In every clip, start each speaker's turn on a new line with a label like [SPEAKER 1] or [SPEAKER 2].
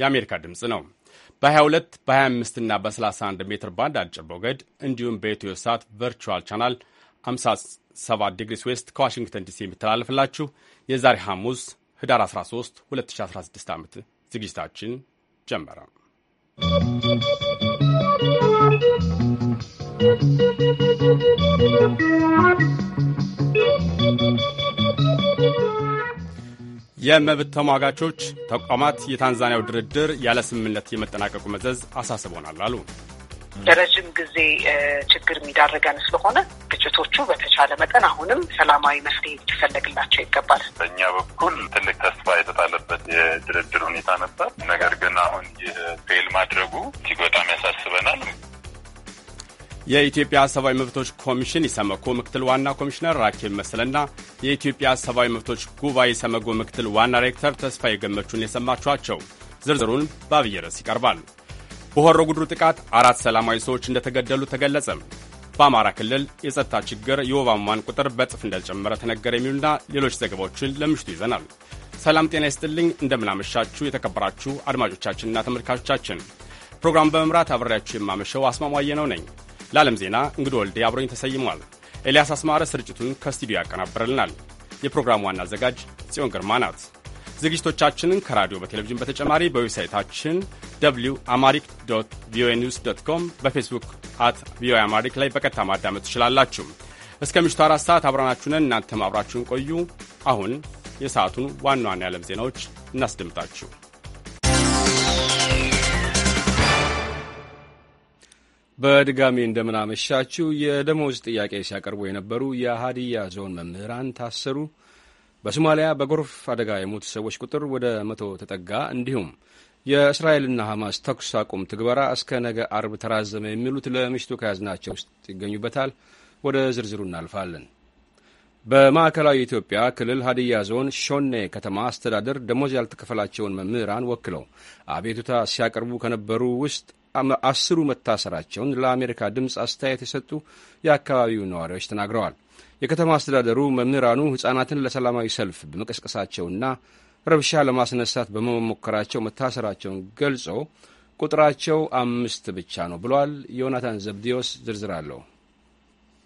[SPEAKER 1] የአሜሪካ ድምፅ ነው። በ22 በ25 እና በ31 ሜትር ባንድ አጭር ሞገድ እንዲሁም በኢትዮ ሳት ቨርቹዋል ቻናል 57 ዲግሪስ ዌስት ከዋሽንግተን ዲሲ የሚተላለፍላችሁ የዛሬ ሐሙስ ህዳር 13 2016 ዓመት ዝግጅታችን ጀመረ። ¶¶ የመብት ተሟጋቾች ተቋማት የታንዛኒያው ድርድር ያለ ስምምነት የመጠናቀቁ መዘዝ አሳስቦናል አሉ።
[SPEAKER 2] ለረዥም ጊዜ ችግር የሚዳርገን ስለሆነ ግጭቶቹ በተቻለ መጠን አሁንም ሰላማዊ መፍትሄ ሊፈለግላቸው ይገባል። በእኛ በኩል ትልቅ ተስፋ የተጣለበት የድርድር ሁኔታ ነበር። ነገር ግን አሁን ይህ ፌል ማድረጉ እጅግ በጣም ያሳስበናል።
[SPEAKER 1] የኢትዮጵያ ሰብአዊ መብቶች ኮሚሽን ኢሰመኮ ምክትል ዋና ኮሚሽነር ራኬል መሰለና የኢትዮጵያ ሰብአዊ መብቶች ጉባኤ ኢሰመጎ ምክትል ዋና ዳይሬክተር ተስፋ የገመቹን የሰማችኋቸው። ዝርዝሩን በአብይ ርዕስ ይቀርባል። በሆሮ ጉድሩ ጥቃት አራት ሰላማዊ ሰዎች እንደተገደሉ ተገለጸ። በአማራ ክልል የጸጥታ ችግር የወባማን ቁጥር በእጥፍ እንደጨመረ ተነገረ። የሚሉና ሌሎች ዘገባዎችን ለምሽቱ ይዘናል። ሰላም ጤና ይስጥልኝ። እንደምናመሻችሁ የተከበራችሁ አድማጮቻችንና ተመልካቾቻችን ፕሮግራም በመምራት አብሬያችሁ የማመሸው አስማማየ ነው ነኝ ለዓለም ዜና እንግዶ ወልዴ አብሮኝ ተሰይሟል። ኤልያስ አስማረ ስርጭቱን ከስቱዲዮ ያቀናብረልናል። የፕሮግራሙ ዋና አዘጋጅ ጽዮን ግርማ ናት። ዝግጅቶቻችንን ከራዲዮ በቴሌቪዥን በተጨማሪ በዌብሳይታችን ደብሊው አማሪክ ዶት ቪኦኤ ኒውስ ዶት ኮም በፌስቡክ አት ቪኦኤ አማሪክ ላይ በቀጥታ ማዳመጥ ትችላላችሁ። እስከ ምሽቱ አራት ሰዓት አብረናችሁ እናንተም አብራችሁን ቆዩ። አሁን የሰዓቱን ዋና ዋና የዓለም ዜናዎች እናስደምጣችሁ።
[SPEAKER 3] በድጋሚ እንደምናመሻችው የደሞዝ ጥያቄ ሲያቀርቡ የነበሩ የሀዲያ ዞን መምህራን ታሰሩ። በሶማሊያ በጎርፍ አደጋ የሞቱ ሰዎች ቁጥር ወደ መቶ ተጠጋ። እንዲሁም የእስራኤልና ሐማስ ተኩስ አቁም ትግበራ እስከ ነገ አርብ ተራዘመ። የሚሉት ለምሽቱ ከያዝናቸው ውስጥ ይገኙበታል። ወደ ዝርዝሩ እናልፋለን። በማዕከላዊ ኢትዮጵያ ክልል ሀዲያ ዞን ሾኔ ከተማ አስተዳደር ደሞዝ ያልተከፈላቸውን መምህራን ወክለው አቤቱታ ሲያቀርቡ ከነበሩ ውስጥ አስሩ መታሰራቸውን ለአሜሪካ ድምፅ አስተያየት የሰጡ የአካባቢው ነዋሪዎች ተናግረዋል። የከተማ አስተዳደሩ መምህራኑ ሕፃናትን ለሰላማዊ ሰልፍ በመቀስቀሳቸውና ረብሻ ለማስነሳት በመሞከራቸው መታሰራቸውን ገልጾ ቁጥራቸው አምስት ብቻ ነው ብሏል። ዮናታን ዘብዲዮስ ዝርዝር አለው።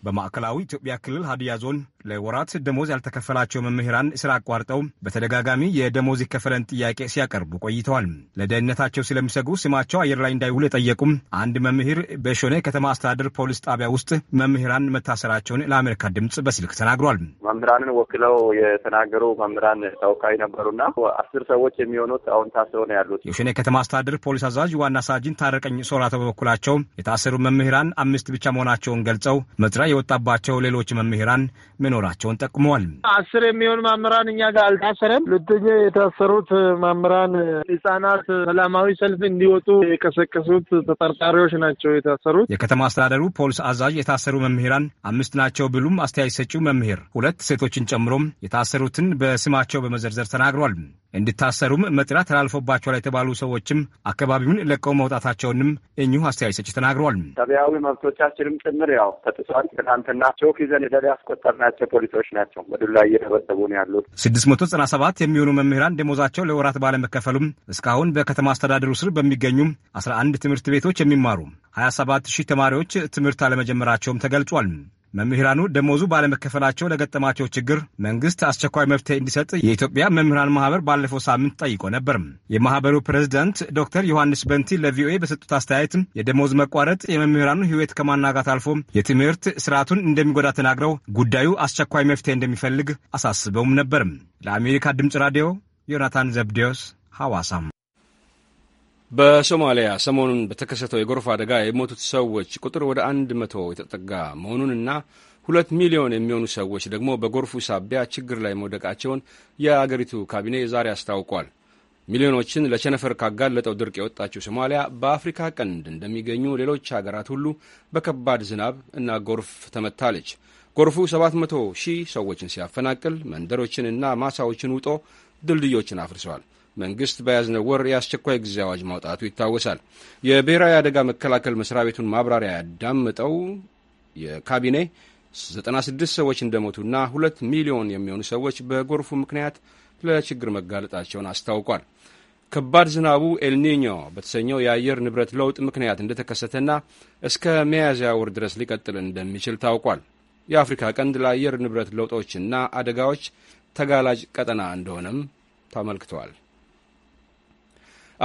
[SPEAKER 4] በማዕከላዊ ኢትዮጵያ ክልል ሀዲያ ዞን ለወራት ደሞዝ ያልተከፈላቸው መምህራን ስራ አቋርጠው በተደጋጋሚ የደሞዝ ይከፈለን ጥያቄ ሲያቀርቡ ቆይተዋል። ለደህንነታቸው ስለሚሰጉ ስማቸው አየር ላይ እንዳይውል የጠየቁም አንድ መምህር በሾኔ ከተማ አስተዳደር ፖሊስ ጣቢያ ውስጥ መምህራን መታሰራቸውን ለአሜሪካ ድምፅ በስልክ ተናግሯል።
[SPEAKER 5] መምህራንን ወክለው
[SPEAKER 6] የተናገሩ መምህራን ተወካይ ነበሩና አስር ሰዎች የሚሆኑት አሁን ታስረው ነው ያሉት።
[SPEAKER 4] የሾኔ ከተማ አስተዳደር ፖሊስ አዛዥ ዋና ሳጅን ታረቀኝ ሶራተ በበኩላቸው የታሰሩ መምህራን አምስት ብቻ መሆናቸውን ገልጸው መጥሪያ የወጣባቸው ሌሎች መምህራን መኖራቸውን ጠቁመዋል።
[SPEAKER 6] አስር የሚሆን መምህራን እኛ ጋር አልታሰረም። ሁለተኛ የታሰሩት መምህራን ህጻናት ሰላማዊ ሰልፍ እንዲወጡ የቀሰቀሱት ተጠርጣሪዎች ናቸው የታሰሩት።
[SPEAKER 4] የከተማ አስተዳደሩ ፖሊስ አዛዥ የታሰሩ መምህራን አምስት ናቸው ብሉም አስተያየት ሰጪው መምህር ሁለት ሴቶችን ጨምሮም የታሰሩትን በስማቸው በመዘርዘር ተናግሯል። እንድታሰሩም መጥሪያ ተላልፎባቸዋል የተባሉ ሰዎችም አካባቢውን ለቀው መውጣታቸውንም እኚሁ አስተያየት ሰጭ ተናግሯል።
[SPEAKER 7] ሰብአዊ መብቶቻችንም
[SPEAKER 6] ጭምር ያው ተጥሷል። ትናንትና ቾክ ይዘን ሄደን ያስቆጠርናቸው ፖሊሶች ናቸው በዱላ እየደበደቡ ነው ያሉት።
[SPEAKER 4] ስድስት መቶ ዘጠና ሰባት የሚሆኑ መምህራን ደሞዛቸው ለወራት ባለመከፈሉም እስካሁን በከተማ አስተዳደሩ ስር በሚገኙ አስራ አንድ ትምህርት ቤቶች የሚማሩ ሀያ ሰባት ሺህ ተማሪዎች ትምህርት አለመጀመራቸውም ተገልጿል። መምህራኑ ደሞዙ ባለመከፈላቸው ለገጠማቸው ችግር መንግስት አስቸኳይ መፍትሄ እንዲሰጥ የኢትዮጵያ መምህራን ማህበር ባለፈው ሳምንት ጠይቆ ነበር። የማህበሩ ፕሬዝዳንት ዶክተር ዮሐንስ በንቲ ለቪኦኤ በሰጡት አስተያየት የደሞዝ መቋረጥ የመምህራኑን ህይወት ከማናጋት አልፎ የትምህርት ስርዓቱን እንደሚጎዳ ተናግረው ጉዳዩ አስቸኳይ መፍትሄ እንደሚፈልግ አሳስበውም ነበር። ለአሜሪካ ድምፅ ራዲዮ ዮናታን ዘብዴዎስ ሐዋሳም
[SPEAKER 3] በሶማሊያ ሰሞኑን በተከሰተው የጎርፍ አደጋ የሞቱት ሰዎች ቁጥር ወደ አንድ መቶ የተጠጋ መሆኑንና ሁለት ሚሊዮን የሚሆኑ ሰዎች ደግሞ በጎርፉ ሳቢያ ችግር ላይ መውደቃቸውን የአገሪቱ ካቢኔ ዛሬ አስታውቋል። ሚሊዮኖችን ለቸነፈር ካጋለጠው ድርቅ የወጣችው ሶማሊያ በአፍሪካ ቀንድ እንደሚገኙ ሌሎች ሀገራት ሁሉ በከባድ ዝናብ እና ጎርፍ ተመታለች። ጎርፉ 700 ሺህ ሰዎችን ሲያፈናቅል መንደሮችንና ማሳዎችን ውጦ ድልድዮችን አፍርሰዋል። መንግስት በያዝነው ወር የአስቸኳይ ጊዜ አዋጅ ማውጣቱ ይታወሳል። የብሔራዊ አደጋ መከላከል መስሪያ ቤቱን ማብራሪያ ያዳምጠው የካቢኔ 96 ሰዎች እንደሞቱና ሁለት ሚሊዮን የሚሆኑ ሰዎች በጎርፉ ምክንያት ለችግር መጋለጣቸውን አስታውቋል። ከባድ ዝናቡ ኤልኒኞ በተሰኘው የአየር ንብረት ለውጥ ምክንያት እንደተከሰተና እስከ ሚያዝያ ወር ድረስ ሊቀጥል እንደሚችል ታውቋል። የአፍሪካ ቀንድ ለአየር ንብረት ለውጦችና አደጋዎች ተጋላጭ ቀጠና እንደሆነም ተመልክተዋል።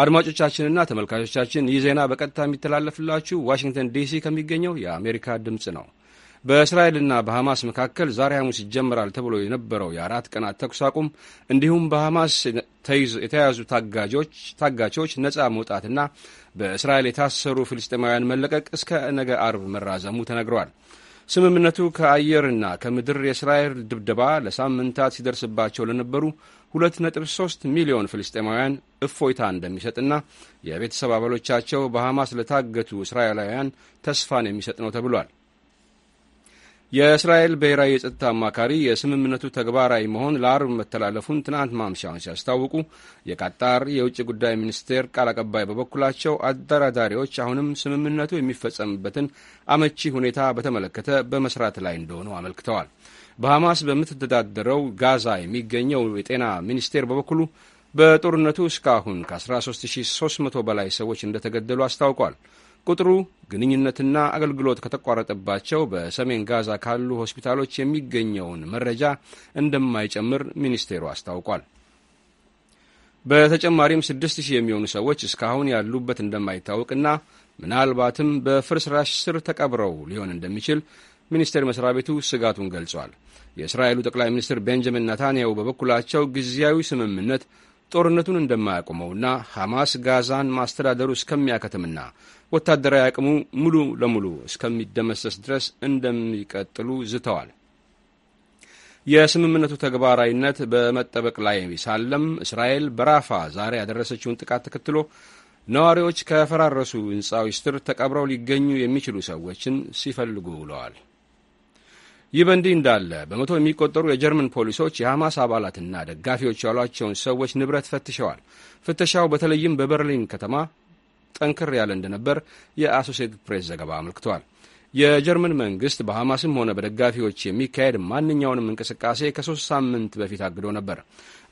[SPEAKER 3] አድማጮቻችንና ተመልካቾቻችን ይህ ዜና በቀጥታ የሚተላለፍላችሁ ዋሽንግተን ዲሲ ከሚገኘው የአሜሪካ ድምፅ ነው። በእስራኤልና በሐማስ መካከል ዛሬ ሐሙስ ይጀመራል ተብሎ የነበረው የአራት ቀናት ተኩስ አቁም እንዲሁም በሐማስ የተያዙ ታጋቾች ነጻ መውጣትና በእስራኤል የታሰሩ ፍልስጤማውያን መለቀቅ እስከ ነገ አርብ መራዘሙ ተነግረዋል። ስምምነቱ ከአየርና ከምድር የእስራኤል ድብደባ ለሳምንታት ሲደርስባቸው ለነበሩ 2.3 ሚሊዮን ፍልስጤማውያን እፎይታ እንደሚሰጥና የቤተሰብ አባሎቻቸው በሐማስ ለታገቱ እስራኤላውያን ተስፋን የሚሰጥ ነው ተብሏል። የእስራኤል ብሔራዊ የጸጥታ አማካሪ የስምምነቱ ተግባራዊ መሆን ለአርብ መተላለፉን ትናንት ማምሻውን ሲያስታውቁ የቃጣር የውጭ ጉዳይ ሚኒስቴር ቃል አቀባይ በበኩላቸው አደራዳሪዎች አሁንም ስምምነቱ የሚፈጸምበትን አመቺ ሁኔታ በተመለከተ በመስራት ላይ እንደሆኑ አመልክተዋል። በሐማስ በምትተዳደረው ጋዛ የሚገኘው የጤና ሚኒስቴር በበኩሉ በጦርነቱ እስካሁን ከ13300 በላይ ሰዎች እንደተገደሉ አስታውቋል። ቁጥሩ ግንኙነትና አገልግሎት ከተቋረጠባቸው በሰሜን ጋዛ ካሉ ሆስፒታሎች የሚገኘውን መረጃ እንደማይጨምር ሚኒስቴሩ አስታውቋል። በተጨማሪም ስድስት ሺህ የሚሆኑ ሰዎች እስካሁን ያሉበት እንደማይታወቅና ምናልባትም በፍርስራሽ ስር ተቀብረው ሊሆን እንደሚችል ሚኒስቴር መስሪያ ቤቱ ስጋቱን ገልጿል። የእስራኤሉ ጠቅላይ ሚኒስትር ቤንጃሚን ነታንያሁ በበኩላቸው ጊዜያዊ ስምምነት ጦርነቱን እንደማያቆመውና ሐማስ ጋዛን ማስተዳደሩ እስከሚያከትምና ወታደራዊ አቅሙ ሙሉ ለሙሉ እስከሚደመሰስ ድረስ እንደሚቀጥሉ ዝተዋል። የስምምነቱ ተግባራዊነት በመጠበቅ ላይ ሳለም እስራኤል በራፋ ዛሬ ያደረሰችውን ጥቃት ተከትሎ ነዋሪዎች ከፈራረሱ ሕንፃዎች ስር ተቀብረው ሊገኙ የሚችሉ ሰዎችን ሲፈልጉ ውለዋል። ይህ በእንዲህ እንዳለ በመቶ የሚቆጠሩ የጀርመን ፖሊሶች የሐማስ አባላትና ደጋፊዎች ያሏቸውን ሰዎች ንብረት ፈትሸዋል። ፍተሻው በተለይም በበርሊን ከተማ ጠንክር ያለ እንደነበር የአሶሴትድ ፕሬስ ዘገባ አመልክቷል። የጀርመን መንግስት በሐማስም ሆነ በደጋፊዎች የሚካሄድ ማንኛውንም እንቅስቃሴ ከሶስት ሳምንት በፊት አግዶ ነበር።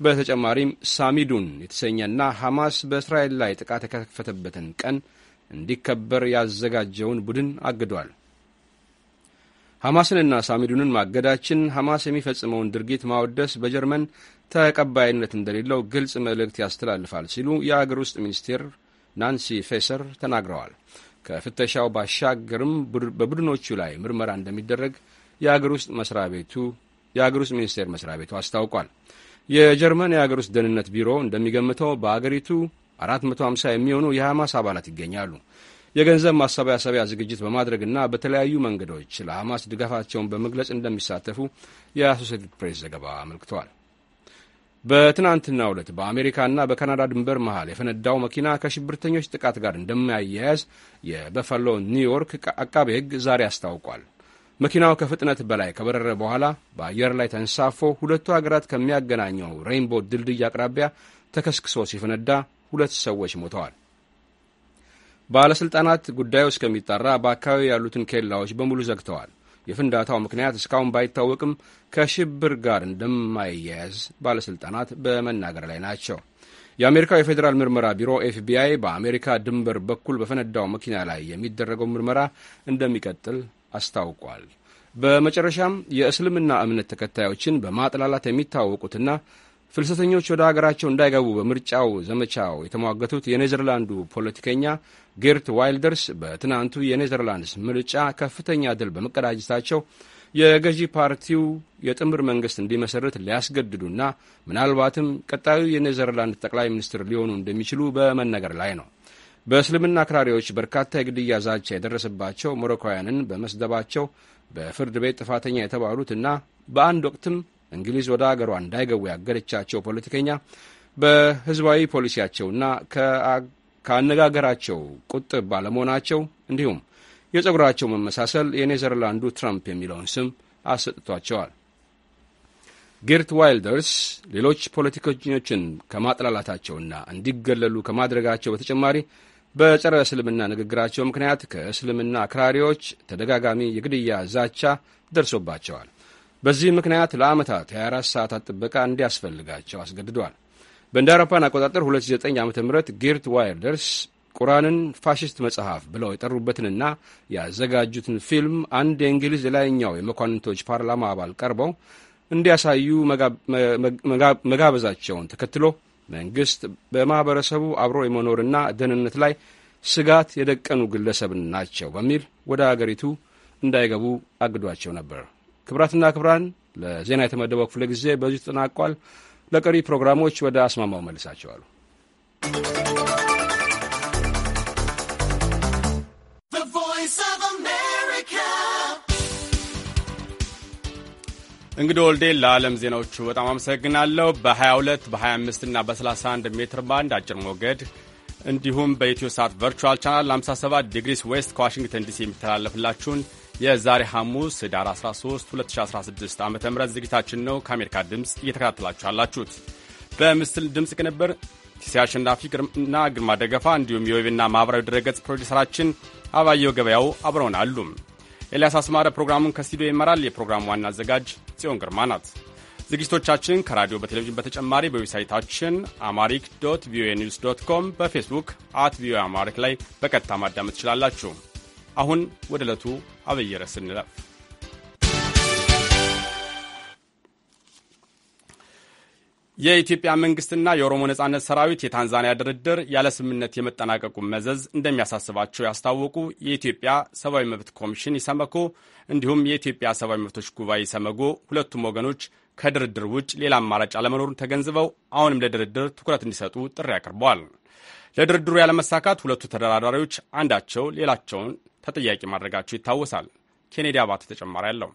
[SPEAKER 3] በተጨማሪም ሳሚዱን የተሰኘና ሐማስ በእስራኤል ላይ ጥቃት የከፈተበትን ቀን እንዲከበር ያዘጋጀውን ቡድን አግዷል። ሐማስንና ሳሚዱንን ማገዳችን ሐማስ የሚፈጽመውን ድርጊት ማወደስ በጀርመን ተቀባይነት እንደሌለው ግልጽ መልእክት ያስተላልፋል ሲሉ የአገር ውስጥ ሚኒስቴር ናንሲ ፌሰር ተናግረዋል። ከፍተሻው ባሻገርም በቡድኖቹ ላይ ምርመራ እንደሚደረግ የአገር ውስጥ መስሪያ ቤቱ የአገር ውስጥ ሚኒስቴር መስሪያ ቤቱ አስታውቋል። የጀርመን የአገር ውስጥ ደህንነት ቢሮ እንደሚገምተው በአገሪቱ 450 የሚሆኑ የሐማስ አባላት ይገኛሉ። የገንዘብ ማሰባሰቢያ ዝግጅት በማድረግና በተለያዩ መንገዶች ለሐማስ ድጋፋቸውን በመግለጽ እንደሚሳተፉ የአሶሴትድ ፕሬስ ዘገባ አመልክቷል። በትናንትናው ዕለት በአሜሪካና በካናዳ ድንበር መሃል የፈነዳው መኪና ከሽብርተኞች ጥቃት ጋር እንደማያያዝ የበፈሎ ኒውዮርክ አቃቤ ሕግ ዛሬ አስታውቋል። መኪናው ከፍጥነት በላይ ከበረረ በኋላ በአየር ላይ ተንሳፎ ሁለቱ ሀገራት ከሚያገናኘው ሬይንቦ ድልድይ አቅራቢያ ተከስክሶ ሲፈነዳ ሁለት ሰዎች ሞተዋል። ባለሥልጣናት ጉዳዩ እስከሚጣራ በአካባቢው ያሉትን ኬላዎች በሙሉ ዘግተዋል። የፍንዳታው ምክንያት እስካሁን ባይታወቅም ከሽብር ጋር እንደማይያያዝ ባለሥልጣናት በመናገር ላይ ናቸው። የአሜሪካው የፌዴራል ምርመራ ቢሮ ኤፍቢአይ በአሜሪካ ድንበር በኩል በፈነዳው መኪና ላይ የሚደረገው ምርመራ እንደሚቀጥል አስታውቋል። በመጨረሻም የእስልምና እምነት ተከታዮችን በማጥላላት የሚታወቁትና ፍልሰተኞች ወደ አገራቸው እንዳይገቡ በምርጫው ዘመቻው የተሟገቱት የኔዘርላንዱ ፖለቲከኛ ጌርት ዋይልደርስ በትናንቱ የኔዘርላንድስ ምርጫ ከፍተኛ ድል በመቀዳጀታቸው የገዢ ፓርቲው የጥምር መንግስት እንዲመሰርት ሊያስገድዱና ምናልባትም ቀጣዩ የኔዘርላንድ ጠቅላይ ሚኒስትር ሊሆኑ እንደሚችሉ በመነገር ላይ ነው። በእስልምና አክራሪዎች በርካታ የግድያ ዛቻ የደረሰባቸው ሞሮካውያንን በመስደባቸው በፍርድ ቤት ጥፋተኛ የተባሉት እና በአንድ ወቅትም እንግሊዝ ወደ አገሯ እንዳይገቡ ያገደቻቸው ፖለቲከኛ በህዝባዊ ፖሊሲያቸውና ከአነጋገራቸው ቁጥብ ባለመሆናቸው እንዲሁም የጸጉራቸው መመሳሰል የኔዘርላንዱ ትራምፕ የሚለውን ስም አሰጥቷቸዋል። ጌርት ዋይልደርስ ሌሎች ፖለቲከኞችን ከማጥላላታቸውና እንዲገለሉ ከማድረጋቸው በተጨማሪ በጸረ እስልምና ንግግራቸው ምክንያት ከእስልምና አክራሪዎች ተደጋጋሚ የግድያ ዛቻ ደርሶባቸዋል። በዚህ ምክንያት ለዓመታት የ24 ሰዓታት ጥበቃ እንዲያስፈልጋቸው አስገድዷል። በእንደ አውሮፓን አቆጣጠር 29 ዓ ም ጊርት ዋይልደርስ ቁራንን ፋሽስት መጽሐፍ ብለው የጠሩበትንና ያዘጋጁትን ፊልም አንድ የእንግሊዝ የላይኛው የመኳንንቶች ፓርላማ አባል ቀርበው እንዲያሳዩ መጋበዛቸውን ተከትሎ መንግሥት በማኅበረሰቡ አብሮ የመኖርና ደህንነት ላይ ስጋት የደቀኑ ግለሰብ ናቸው በሚል ወደ አገሪቱ እንዳይገቡ አግዷቸው ነበር። ክብራትና ክብራን ለዜና የተመደበው ክፍለ ጊዜ በዚሁ ተጠናቋል። ለቀሪ ፕሮግራሞች ወደ አስማማው መልሳቸዋሉ።
[SPEAKER 1] እንግዲህ ወልዴ ለዓለም ዜናዎቹ በጣም አመሰግናለሁ። በ22 በ25 እና በ31 ሜትር ባንድ አጭር ሞገድ እንዲሁም በኢትዮ ሳት ቨርቹዋል ቻናል 57 ዲግሪስ ዌስት ከዋሽንግተን ዲሲ የሚተላለፍላችሁን የዛሬ ሐሙስ ህዳር 13 2016 ዓ ም ዝግጅታችን ነው ከአሜሪካ ድምፅ እየተከታተላችሁ አላችሁት። በምስል ድምፅ ቅንብር ቲሲ አሸናፊና ግርማ ደገፋ እንዲሁም የዌብና ማኅበራዊ ድረገጽ ፕሮዲሰራችን አባየው ገበያው አብረውን አሉ። ኤልያስ አስማረ ፕሮግራሙን ከስቱዲዮ ይመራል። የፕሮግራሙ ዋና አዘጋጅ ጽዮን ግርማ ናት። ዝግጅቶቻችን ከራዲዮ በቴሌቪዥን በተጨማሪ በዌብሳይታችን አማሪክ ዶት ቪኦኤ ኒውስ ዶት ኮም በፌስቡክ አት ቪኦኤ አማሪክ ላይ በቀጥታ ማዳመጥ ትችላላችሁ። አሁን ወደ ዕለቱ አበየረ ስንለፍ የኢትዮጵያ መንግስትና የኦሮሞ ነጻነት ሰራዊት የታንዛኒያ ድርድር ያለ ስምምነት የመጠናቀቁ መዘዝ እንደሚያሳስባቸው ያስታወቁ የኢትዮጵያ ሰብአዊ መብት ኮሚሽን ኢሰመኮ፣ እንዲሁም የኢትዮጵያ ሰብአዊ መብቶች ጉባኤ ኢሰመጎ ሁለቱም ወገኖች ከድርድር ውጭ ሌላ አማራጭ አለመኖሩን ተገንዝበው አሁንም ለድርድር ትኩረት እንዲሰጡ ጥሪ አቅርበዋል። ለድርድሩ ያለመሳካት ሁለቱ ተደራዳሪዎች አንዳቸው ሌላቸውን ተጠያቂ ማድረጋቸው ይታወሳል። ኬኔዲ አባተ ተጨማሪ አለው።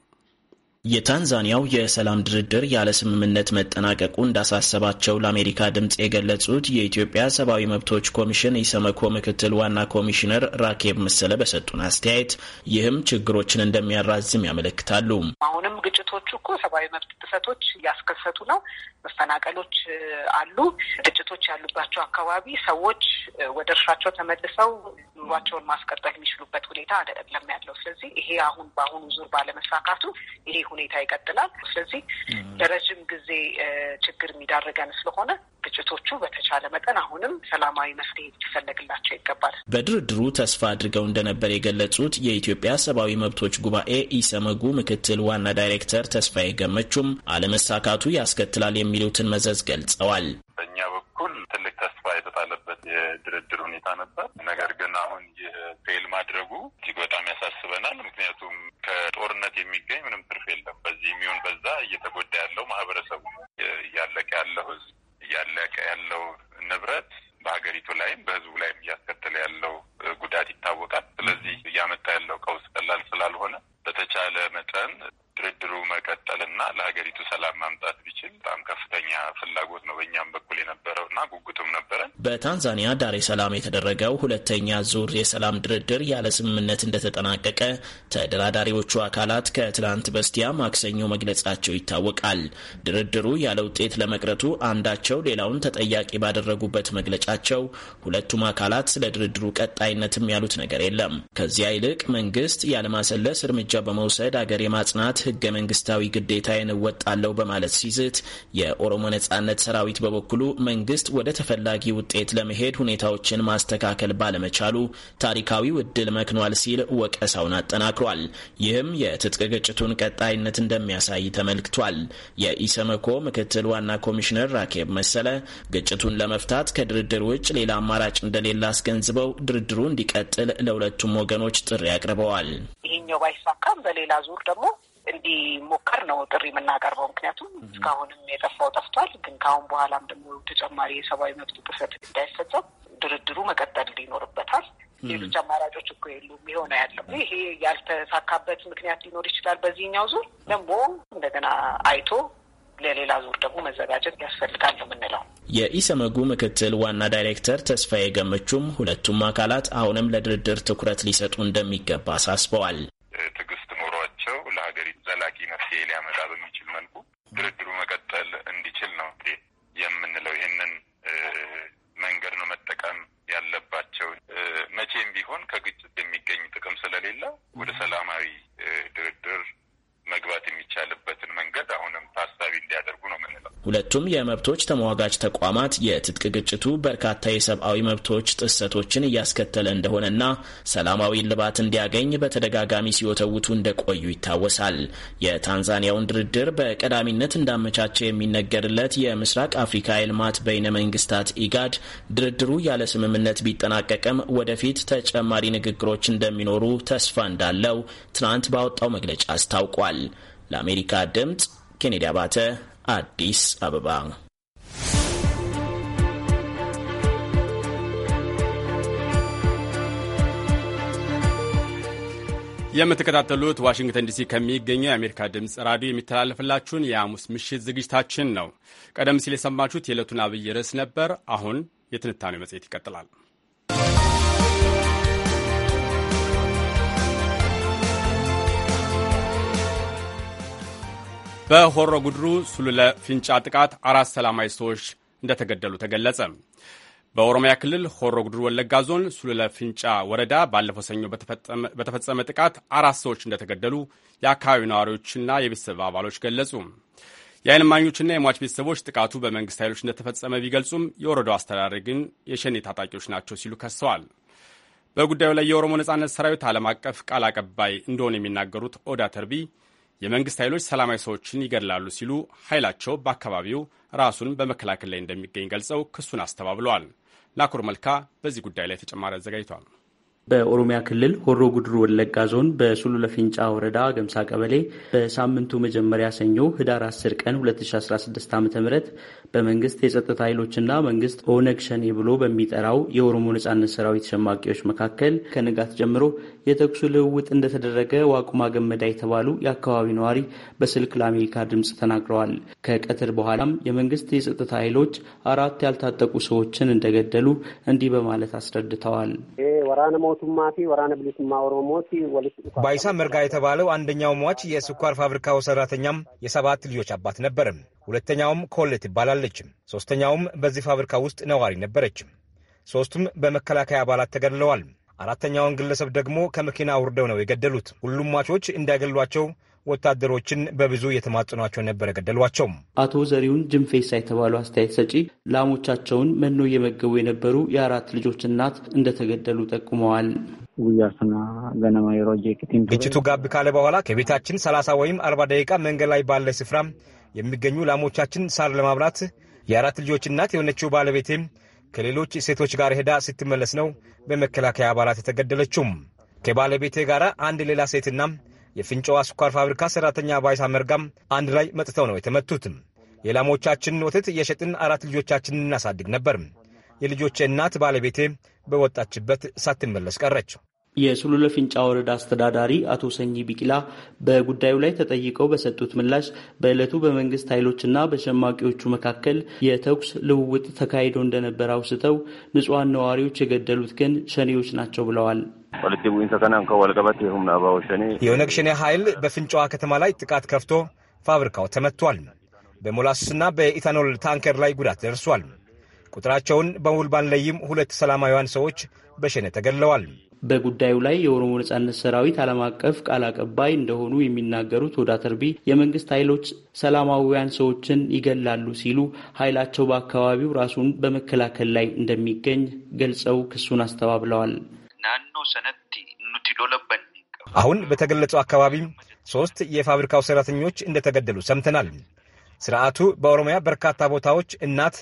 [SPEAKER 5] የታንዛኒያው የሰላም ድርድር ያለ ስምምነት መጠናቀቁ እንዳሳሰባቸው ለአሜሪካ ድምፅ የገለጹት የኢትዮጵያ ሰብአዊ መብቶች ኮሚሽን ኢሰመኮ ምክትል ዋና ኮሚሽነር ራኬብ መሰለ በሰጡን አስተያየት ይህም ችግሮችን እንደሚያራዝም ያመለክታሉ።
[SPEAKER 2] አሁንም ግጭቶቹ እኮ ሰብአዊ መብት ጥሰቶች እያስከሰቱ ነው። መፈናቀሎች አሉ። ግጭቶች ያሉባቸው አካባቢ ሰዎች ወደ እርሻቸው ተመልሰው ኑሯቸውን ማስቀጠል የሚችሉበት ሁኔታ አይደለም ያለው። ስለዚህ ይሄ አሁን በአሁኑ ዙር ባለመሳካቱ ይሄ ሁኔታ ይቀጥላል። ስለዚህ ለረዥም ጊዜ ችግር የሚዳርገን ስለሆነ ግጭቶቹ በተቻለ መጠን አሁንም ሰላማዊ መፍትሄ ሊፈለግላቸው
[SPEAKER 5] ይገባል። በድርድሩ ተስፋ አድርገው እንደነበር የገለጹት የኢትዮጵያ ሰብአዊ መብቶች ጉባኤ ኢሰመጉ ምክትል ዋና ዳይሬክተር ተስፋዬ ገመቹም አለመሳካቱ ያስከትላል የሚሉትን መዘዝ ገልጸዋል። በእኛ በኩል በኩል ትልቅ ተስፋ
[SPEAKER 2] የተጣለበት የድርድር ሁኔታ ነበር። ነገር ግን አሁን ይህ ፌል ማድረጉ እጅግ በጣም ያሳስበናል። ምክንያቱም ከጦርነት የሚገኝ ምንም ትርፍ የለም። በዚህ የሚሆን በዛ እየተጎ
[SPEAKER 5] በታንዛኒያ ዳሬ ሰላም የተደረገው ሁለተኛ ዙር የሰላም ድርድር ያለ ስምምነት እንደተጠናቀቀ ተደራዳሪዎቹ አካላት ከትላንት በስቲያ ማክሰኞ መግለጻቸው ይታወቃል። ድርድሩ ያለ ውጤት ለመቅረቱ አንዳቸው ሌላውን ተጠያቂ ባደረጉበት መግለጫቸው ሁለቱም አካላት ስለ ድርድሩ ቀጣይነትም ያሉት ነገር የለም። ከዚያ ይልቅ መንግስት ያለማሰለስ እርምጃ በመውሰድ አገር የማጽናት ህገ መንግስታዊ ግዴታ የንወጣለው በማለት ሲዝት፣ የኦሮሞ ነጻነት ሰራዊት በበኩሉ መንግስት ወደ ተፈላጊ ውጤት ውጤት ለመሄድ ሁኔታዎችን ማስተካከል ባለመቻሉ ታሪካዊው እድል መክኗል ሲል ወቀሳውን አጠናክሯል። ይህም የትጥቅ ግጭቱን ቀጣይነት እንደሚያሳይ ተመልክቷል። የኢሰመኮ ምክትል ዋና ኮሚሽነር ራኬብ መሰለ ግጭቱን ለመፍታት ከድርድር ውጭ ሌላ አማራጭ እንደሌለ አስገንዝበው ድርድሩ እንዲቀጥል ለሁለቱም ወገኖች ጥሪ አቅርበዋል።
[SPEAKER 2] ይህኛው ባይሳካም በሌላ ዙር ደግሞ እንዲሞከር ነው ጥሪ የምናቀርበው። ምክንያቱም እስካሁንም የጠፋው ጠፍቷል፣ ግን ከአሁን በኋላም ደግሞ ተጨማሪ የሰብአዊ መብት ጥሰት እንዳይፈጸም ድርድሩ መቀጠል ሊኖርበታል። ሌሎች አማራጮች እኮ የሉም። የሆነ ያለው ይሄ ያልተሳካበት ምክንያት ሊኖር ይችላል። በዚህኛው ዙር ደግሞ እንደገና አይቶ ለሌላ ዙር ደግሞ መዘጋጀት ያስፈልጋል ነው
[SPEAKER 5] የምንለው። የኢሰመጉ ምክትል ዋና ዳይሬክተር ተስፋዬ ገመቹም ሁለቱም አካላት አሁንም ለድርድር ትኩረት ሊሰጡ እንደሚገባ አሳስበዋል።
[SPEAKER 2] መፍትሄ ሊያመጣ በሚችል መልኩ ድርድሩ መቀጠል እንዲችል ነው የምንለው። ይህንን መንገድ ነው መጠቀም ያለባቸው። መቼም ቢሆን ከግጭት የሚገኝ ጥቅም ስለሌለ ወደ ሰላማዊ
[SPEAKER 5] ሁለቱም የመብቶች ተሟጋች ተቋማት የትጥቅ ግጭቱ በርካታ የሰብአዊ መብቶች ጥሰቶችን እያስከተለ እንደሆነና ሰላማዊ እልባት እንዲያገኝ በተደጋጋሚ ሲወተውቱ እንደቆዩ ይታወሳል። የታንዛኒያውን ድርድር በቀዳሚነት እንዳመቻቸው የሚነገርለት የምስራቅ አፍሪካ የልማት በይነ መንግስታት ኢጋድ ድርድሩ ያለ ስምምነት ቢጠናቀቅም ወደፊት ተጨማሪ ንግግሮች እንደሚኖሩ ተስፋ እንዳለው ትናንት ባወጣው መግለጫ አስታውቋል። ለአሜሪካ ድምጽ ኬኔዲ አባተ አዲስ አበባ።
[SPEAKER 1] የምትከታተሉት ዋሽንግተን ዲሲ ከሚገኘው የአሜሪካ ድምፅ ራዲዮ የሚተላለፍላችሁን የሐሙስ ምሽት ዝግጅታችን ነው። ቀደም ሲል የሰማችሁት የዕለቱን አብይ ርዕስ ነበር። አሁን የትንታኔው መጽሔት ይቀጥላል። በሆሮ ጉድሩ ሱሉለ ፊንጫ ጥቃት አራት ሰላማዊ ሰዎች እንደተገደሉ ተገለጸ። በኦሮሚያ ክልል ሆሮ ጉድሩ ወለጋ ዞን ሱሉለ ፊንጫ ወረዳ ባለፈው ሰኞ በተፈጸመ ጥቃት አራት ሰዎች እንደተገደሉ የአካባቢው ነዋሪዎችና የቤተሰብ አባሎች ገለጹ። የዓይን እማኞችና የሟች ቤተሰቦች ጥቃቱ በመንግስት ኃይሎች እንደተፈጸመ ቢገልጹም የወረዳው አስተዳደር ግን የሸኔ ታጣቂዎች ናቸው ሲሉ ከሰዋል። በጉዳዩ ላይ የኦሮሞ ነጻነት ሰራዊት ዓለም አቀፍ ቃል አቀባይ እንደሆነ የሚናገሩት ኦዳ ተርቢ የመንግስት ኃይሎች ሰላማዊ ሰዎችን ይገድላሉ ሲሉ ኃይላቸው በአካባቢው ራሱን በመከላከል ላይ እንደሚገኝ ገልጸው ክሱን አስተባብለዋል። ናኮር መልካ በዚህ ጉዳይ ላይ ተጨማሪ አዘጋጅቷል።
[SPEAKER 8] በኦሮሚያ ክልል ሆሮ ጉድሩ ወለጋ ዞን በሱሉ ለፊንጫ ወረዳ ገምሳ ቀበሌ በሳምንቱ መጀመሪያ ሰኞ ህዳር 10 ቀን 2016 ዓ ም በመንግስት የጸጥታ ኃይሎችና መንግስት ኦነግ ሸኔ ብሎ በሚጠራው የኦሮሞ ነጻነት ሰራዊት ሸማቂዎች መካከል ከንጋት ጀምሮ የተኩሱ ልውውጥ እንደተደረገ ዋቁማ ገመዳ የተባሉ የአካባቢ ነዋሪ በስልክ ለአሜሪካ ድምፅ ተናግረዋል። ከቀትር በኋላም የመንግስት የጸጥታ ኃይሎች አራት ያልታጠቁ ሰዎችን እንደገደሉ እንዲህ በማለት አስረድተዋል።
[SPEAKER 9] ሞቱማ ወራነ ብሊሱማ ኦሮሞቲ ባይሳ
[SPEAKER 8] መርጋ የተባለው
[SPEAKER 4] አንደኛው ሟች የስኳር ፋብሪካው ሰራተኛም የሰባት ልጆች አባት ነበር ሁለተኛውም ኮሌት ትባላለችም። ሶስተኛውም በዚህ ፋብሪካ ውስጥ ነዋሪ ነበረች ሶስቱም በመከላከያ አባላት ተገድለዋል። አራተኛውን ግለሰብ ደግሞ ከመኪና አውርደው ነው የገደሉት። ሁሉም ሟቾች እንዳይገሏቸው ወታደሮችን በብዙ የተማጽኗቸው ነበር የገደሏቸው።
[SPEAKER 8] አቶ ዘሪሁን ጅንፌሳ የተባሉ አስተያየት ሰጪ ላሞቻቸውን መኖ እየመገቡ የነበሩ የአራት ልጆች እናት እንደተገደሉ ጠቁመዋል። ግጭቱ
[SPEAKER 6] ጋብ ካለ
[SPEAKER 4] በኋላ ከቤታችን 30 ወይም 40 ደቂቃ መንገድ ላይ ባለ ስፍራ የሚገኙ ላሞቻችን ሳር ለማብላት የአራት ልጆች እናት የሆነችው ባለቤቴም ከሌሎች ሴቶች ጋር ሄዳ ስትመለስ ነው በመከላከያ አባላት የተገደለችውም። ከባለቤቴ ጋር አንድ ሌላ ሴትና የፍንጮዋ ስኳር ፋብሪካ ሰራተኛ ባይሳ መርጋም አንድ ላይ መጥተው ነው የተመቱትም። የላሞቻችንን ወተት እየሸጥን አራት ልጆቻችንን እናሳድግ ነበር። የልጆቼ እናት ባለቤቴ በወጣችበት ሳትመለስ ቀረች።
[SPEAKER 8] የሱሉለ ፍንጫ ወረዳ አስተዳዳሪ አቶ ሰኚ ቢቂላ በጉዳዩ ላይ ተጠይቀው በሰጡት ምላሽ በዕለቱ በመንግስት ኃይሎችና በሸማቂዎቹ መካከል የተኩስ ልውውጥ ተካሂዶ እንደነበር አውስተው ንጹሐን ነዋሪዎች የገደሉት ግን ሸኔዎች ናቸው ብለዋል። የኦነግ ሸኔ
[SPEAKER 4] ኃይል በፍንጫዋ ከተማ ላይ ጥቃት ከፍቶ ፋብሪካው ተመቷል። በሞላስና በኢታኖል ታንከር ላይ ጉዳት ደርሷል። ቁጥራቸውን በውል ባንለይም ሁለት ሰላማዊያን ሰዎች
[SPEAKER 8] በሸኔ ተገለዋል። በጉዳዩ ላይ የኦሮሞ ነጻነት ሰራዊት ዓለም አቀፍ ቃል አቀባይ እንደሆኑ የሚናገሩት ወዳ ተርቢ የመንግስት ኃይሎች ሰላማዊያን ሰዎችን ይገላሉ ሲሉ ኃይላቸው በአካባቢው ራሱን በመከላከል ላይ እንደሚገኝ ገልጸው ክሱን አስተባብለዋል።
[SPEAKER 4] ናኖ ሰነቲ ኑቲ ዶለበኒ አሁን በተገለጸው አካባቢ ሶስት የፋብሪካው ሰራተኞች እንደተገደሉ ሰምተናል። ስርዓቱ በኦሮሚያ በርካታ ቦታዎች እናት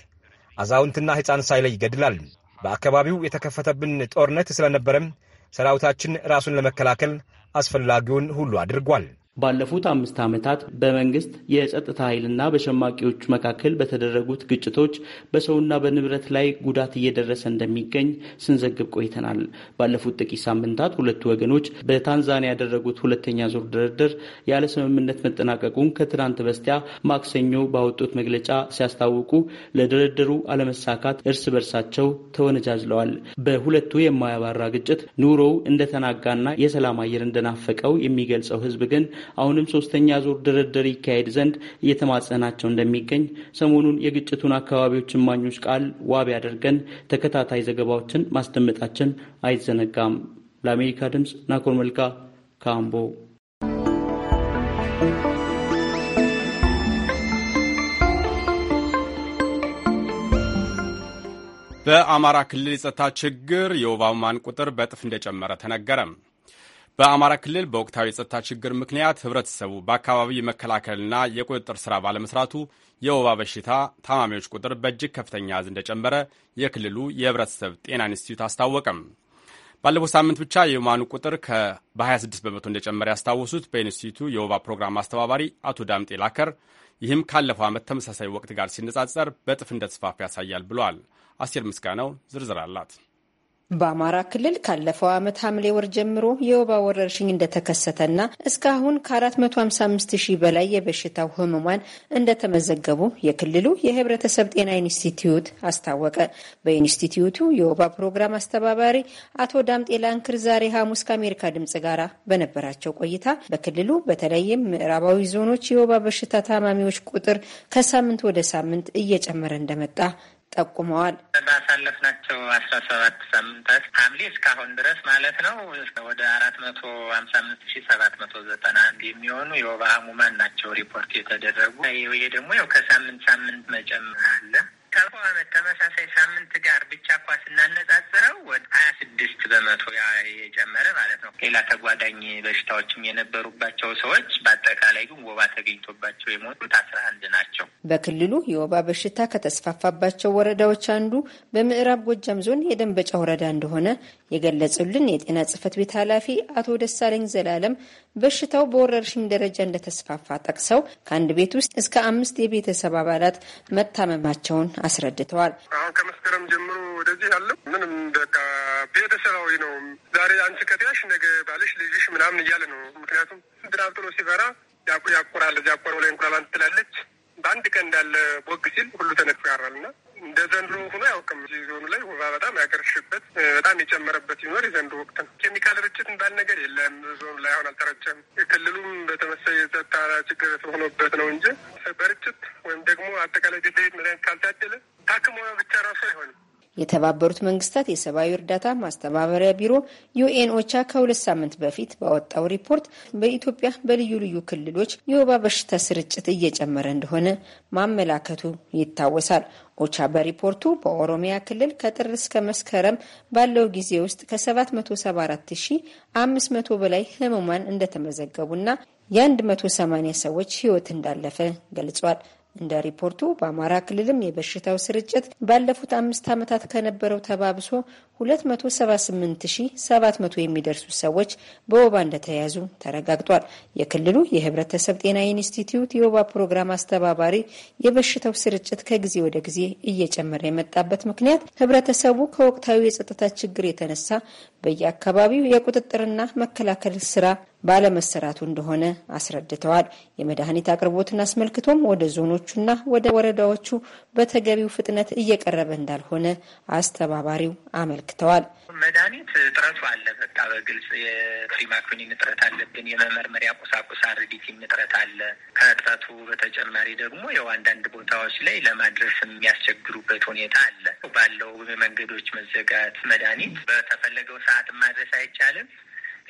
[SPEAKER 4] አዛውንትና ሕፃን ሳይለይ ይገድላል። በአካባቢው የተከፈተብን ጦርነት ስለነበረም ሰራዊታችን ራሱን ለመከላከል አስፈላጊውን ሁሉ
[SPEAKER 8] አድርጓል። ባለፉት አምስት ዓመታት በመንግስት የጸጥታ ኃይልና በሸማቂዎች መካከል በተደረጉት ግጭቶች በሰውና በንብረት ላይ ጉዳት እየደረሰ እንደሚገኝ ስንዘግብ ቆይተናል። ባለፉት ጥቂት ሳምንታት ሁለቱ ወገኖች በታንዛኒያ ያደረጉት ሁለተኛ ዙር ድርድር ያለ ስምምነት መጠናቀቁን ከትናንት በስቲያ ማክሰኞ ባወጡት መግለጫ ሲያስታውቁ ለድርድሩ አለመሳካት እርስ በርሳቸው ተወነጃጅለዋል። በሁለቱ የማያባራ ግጭት ኑሮው እንደተናጋና የሰላም አየር እንደናፈቀው የሚገልጸው ህዝብ ግን አሁንም ሶስተኛ ዙር ድርድር ይካሄድ ዘንድ እየተማጸናቸው እንደሚገኝ ሰሞኑን የግጭቱን አካባቢዎች እማኞች ቃል ዋቢ አድርገን ተከታታይ ዘገባዎችን ማስደመጣችን አይዘነጋም። ለአሜሪካ ድምፅ ናኮር መልካ ካምቦ።
[SPEAKER 1] በአማራ ክልል የጸጥታ ችግር የወባ ቁጥር በእጥፍ እንደጨመረ ተነገረም። በአማራ ክልል በወቅታዊ የጸጥታ ችግር ምክንያት ህብረተሰቡ በአካባቢው የመከላከልና የቁጥጥር ስራ ባለመስራቱ የወባ በሽታ ታማሚዎች ቁጥር በእጅግ ከፍተኛ አዝ እንደጨመረ የክልሉ የህብረተሰብ ጤና ኢንስቲትዩት አስታወቀም። ባለፈው ሳምንት ብቻ የህሙማኑ ቁጥር በ26 በመቶ እንደጨመረ ያስታወሱት በኢንስቲትዩቱ የወባ ፕሮግራም አስተባባሪ አቶ ዳምጤ ላከር፣ ይህም ካለፈው ዓመት ተመሳሳይ ወቅት ጋር ሲነጻጸር በጥፍ እንደተስፋፋ ያሳያል ብለዋል። አስቴር ምስጋናው ዝርዝር አላት።
[SPEAKER 10] በአማራ ክልል ካለፈው ዓመት ሐምሌ ወር ጀምሮ የወባ ወረርሽኝ እንደተከሰተና እስካሁን ከ455 ሺህ በላይ የበሽታው ህሙማን እንደተመዘገቡ የክልሉ የህብረተሰብ ጤና ኢንስቲትዩት አስታወቀ። በኢንስቲትዩቱ የወባ ፕሮግራም አስተባባሪ አቶ ዳምጤ ላንክር ዛሬ ሐሙስ ከአሜሪካ ድምፅ ጋር በነበራቸው ቆይታ በክልሉ በተለይም ምዕራባዊ ዞኖች የወባ በሽታ ታማሚዎች ቁጥር ከሳምንት ወደ ሳምንት እየጨመረ እንደመጣ ጠቁመዋል። ባሳለፍናቸው
[SPEAKER 6] አስራ ሰባት ሳምንታት ሐምሌ እስካሁን ድረስ ማለት ነው ወደ አራት መቶ ሀምሳ አምስት ሺ ሰባት መቶ ዘጠና አንድ የሚሆኑ የወባ ህሙማን ናቸው ሪፖርት የተደረጉ። ይሄ ደግሞ ያው ከሳምንት ሳምንት መጨመር አለ። ከባለፈው ዓመት ተመሳሳይ ሳምንት ጋር ብቻ እኳ ስናነጻጽረው ወደ ሀያ ስድስት በመቶ የጨመረ ማለት ነው። ሌላ ተጓዳኝ በሽታዎችም የነበሩባቸው ሰዎች በአጠቃላይ ግን ወባ ተገኝቶባቸው የሞቱት አስራ አንድ
[SPEAKER 10] ናቸው። በክልሉ የወባ በሽታ ከተስፋፋባቸው ወረዳዎች አንዱ በምዕራብ ጎጃም ዞን የደንበጫ ወረዳ እንደሆነ የገለጹልን የጤና ጽህፈት ቤት ኃላፊ አቶ ደሳለኝ ዘላለም በሽታው በወረርሽኝ ደረጃ እንደተስፋፋ ጠቅሰው ከአንድ ቤት ውስጥ እስከ አምስት የቤተሰብ አባላት መታመማቸውን አስረድተዋል። አሁን ከመስከረም ጀምሮ ወደዚህ ያለው ምንም በቃ
[SPEAKER 3] ቤተሰባዊ ነው። ዛሬ አንቺ ከተያሽ ነገ ባልሽ ልጅሽ ምናምን እያለ ነው። ምክንያቱም ዝናብ ጥሎ ሲበራ ያቆራል። እዚያ ላይ እንቁላል ትላለች። በአንድ ቀን እንዳለ ቦግ ሲል ሁሉ ተነጥፎ ያራል እና እንደ ዘንድሮ ሆኖ አያውቅም። እዚህ ዞኑ ላይ ወባ በጣም ያገረሸበት
[SPEAKER 6] በጣም የጨመረበት ሲኖር የዘንድሮ ወቅት ነው። ኬሚካል ርጭት እንዳል ነገር የለም ዞኑ ላይ አሁን አልተረጨም። ክልሉም በተመሳይ የጸጥታ
[SPEAKER 10] ችግር ሆኖበት ነው እንጂ በርጭት ወይም ደግሞ አጠቃላይ ድቤት መድኃኒት ካልታደለ ታክሞ ብቻ ራሱ አይሆንም። የተባበሩት መንግስታት የሰብአዊ እርዳታ ማስተባበሪያ ቢሮ ዩኤን ኦቻ ከሁለት ሳምንት በፊት ባወጣው ሪፖርት በኢትዮጵያ በልዩ ልዩ ክልሎች የወባ በሽታ ስርጭት እየጨመረ እንደሆነ ማመላከቱ ይታወሳል። ኦቻ በሪፖርቱ በኦሮሚያ ክልል ከጥር እስከ መስከረም ባለው ጊዜ ውስጥ ከ774500 በላይ ህሙማን እንደተመዘገቡና የ180 ሰዎች ህይወት እንዳለፈ ገልጿል። እንደ ሪፖርቱ በአማራ ክልልም የበሽታው ስርጭት ባለፉት አምስት ዓመታት ከነበረው ተባብሶ 278700 የሚደርሱ ሰዎች በወባ እንደተያዙ ተረጋግጧል። የክልሉ የሕብረተሰብ ጤና ኢንስቲትዩት የወባ ፕሮግራም አስተባባሪ የበሽታው ስርጭት ከጊዜ ወደ ጊዜ እየጨመረ የመጣበት ምክንያት ሕብረተሰቡ ከወቅታዊ የጸጥታ ችግር የተነሳ በየአካባቢው የቁጥጥርና መከላከል ስራ ባለመሰራቱ እንደሆነ አስረድተዋል። የመድኃኒት አቅርቦትን አስመልክቶም ወደ ዞኖቹና ወደ ወረዳዎቹ በተገቢው ፍጥነት እየቀረበ እንዳልሆነ አስተባባሪው አመልክተዋል።
[SPEAKER 6] መድኃኒት እጥረቱ አለ። በቃ በግልጽ የፕሪማክኒን እጥረት አለብን። የመመርመሪያ ቁሳቁስ አርዲቲም እጥረት አለ። ከእጥረቱ በተጨማሪ ደግሞ ያው አንዳንድ ቦታዎች ላይ ለማድረስ የሚያስቸግሩበት ሁኔታ አለ። ባለው መንገዶች መዘጋት መድኃኒት በተፈለገው ሰዓት ማድረስ አይቻልም።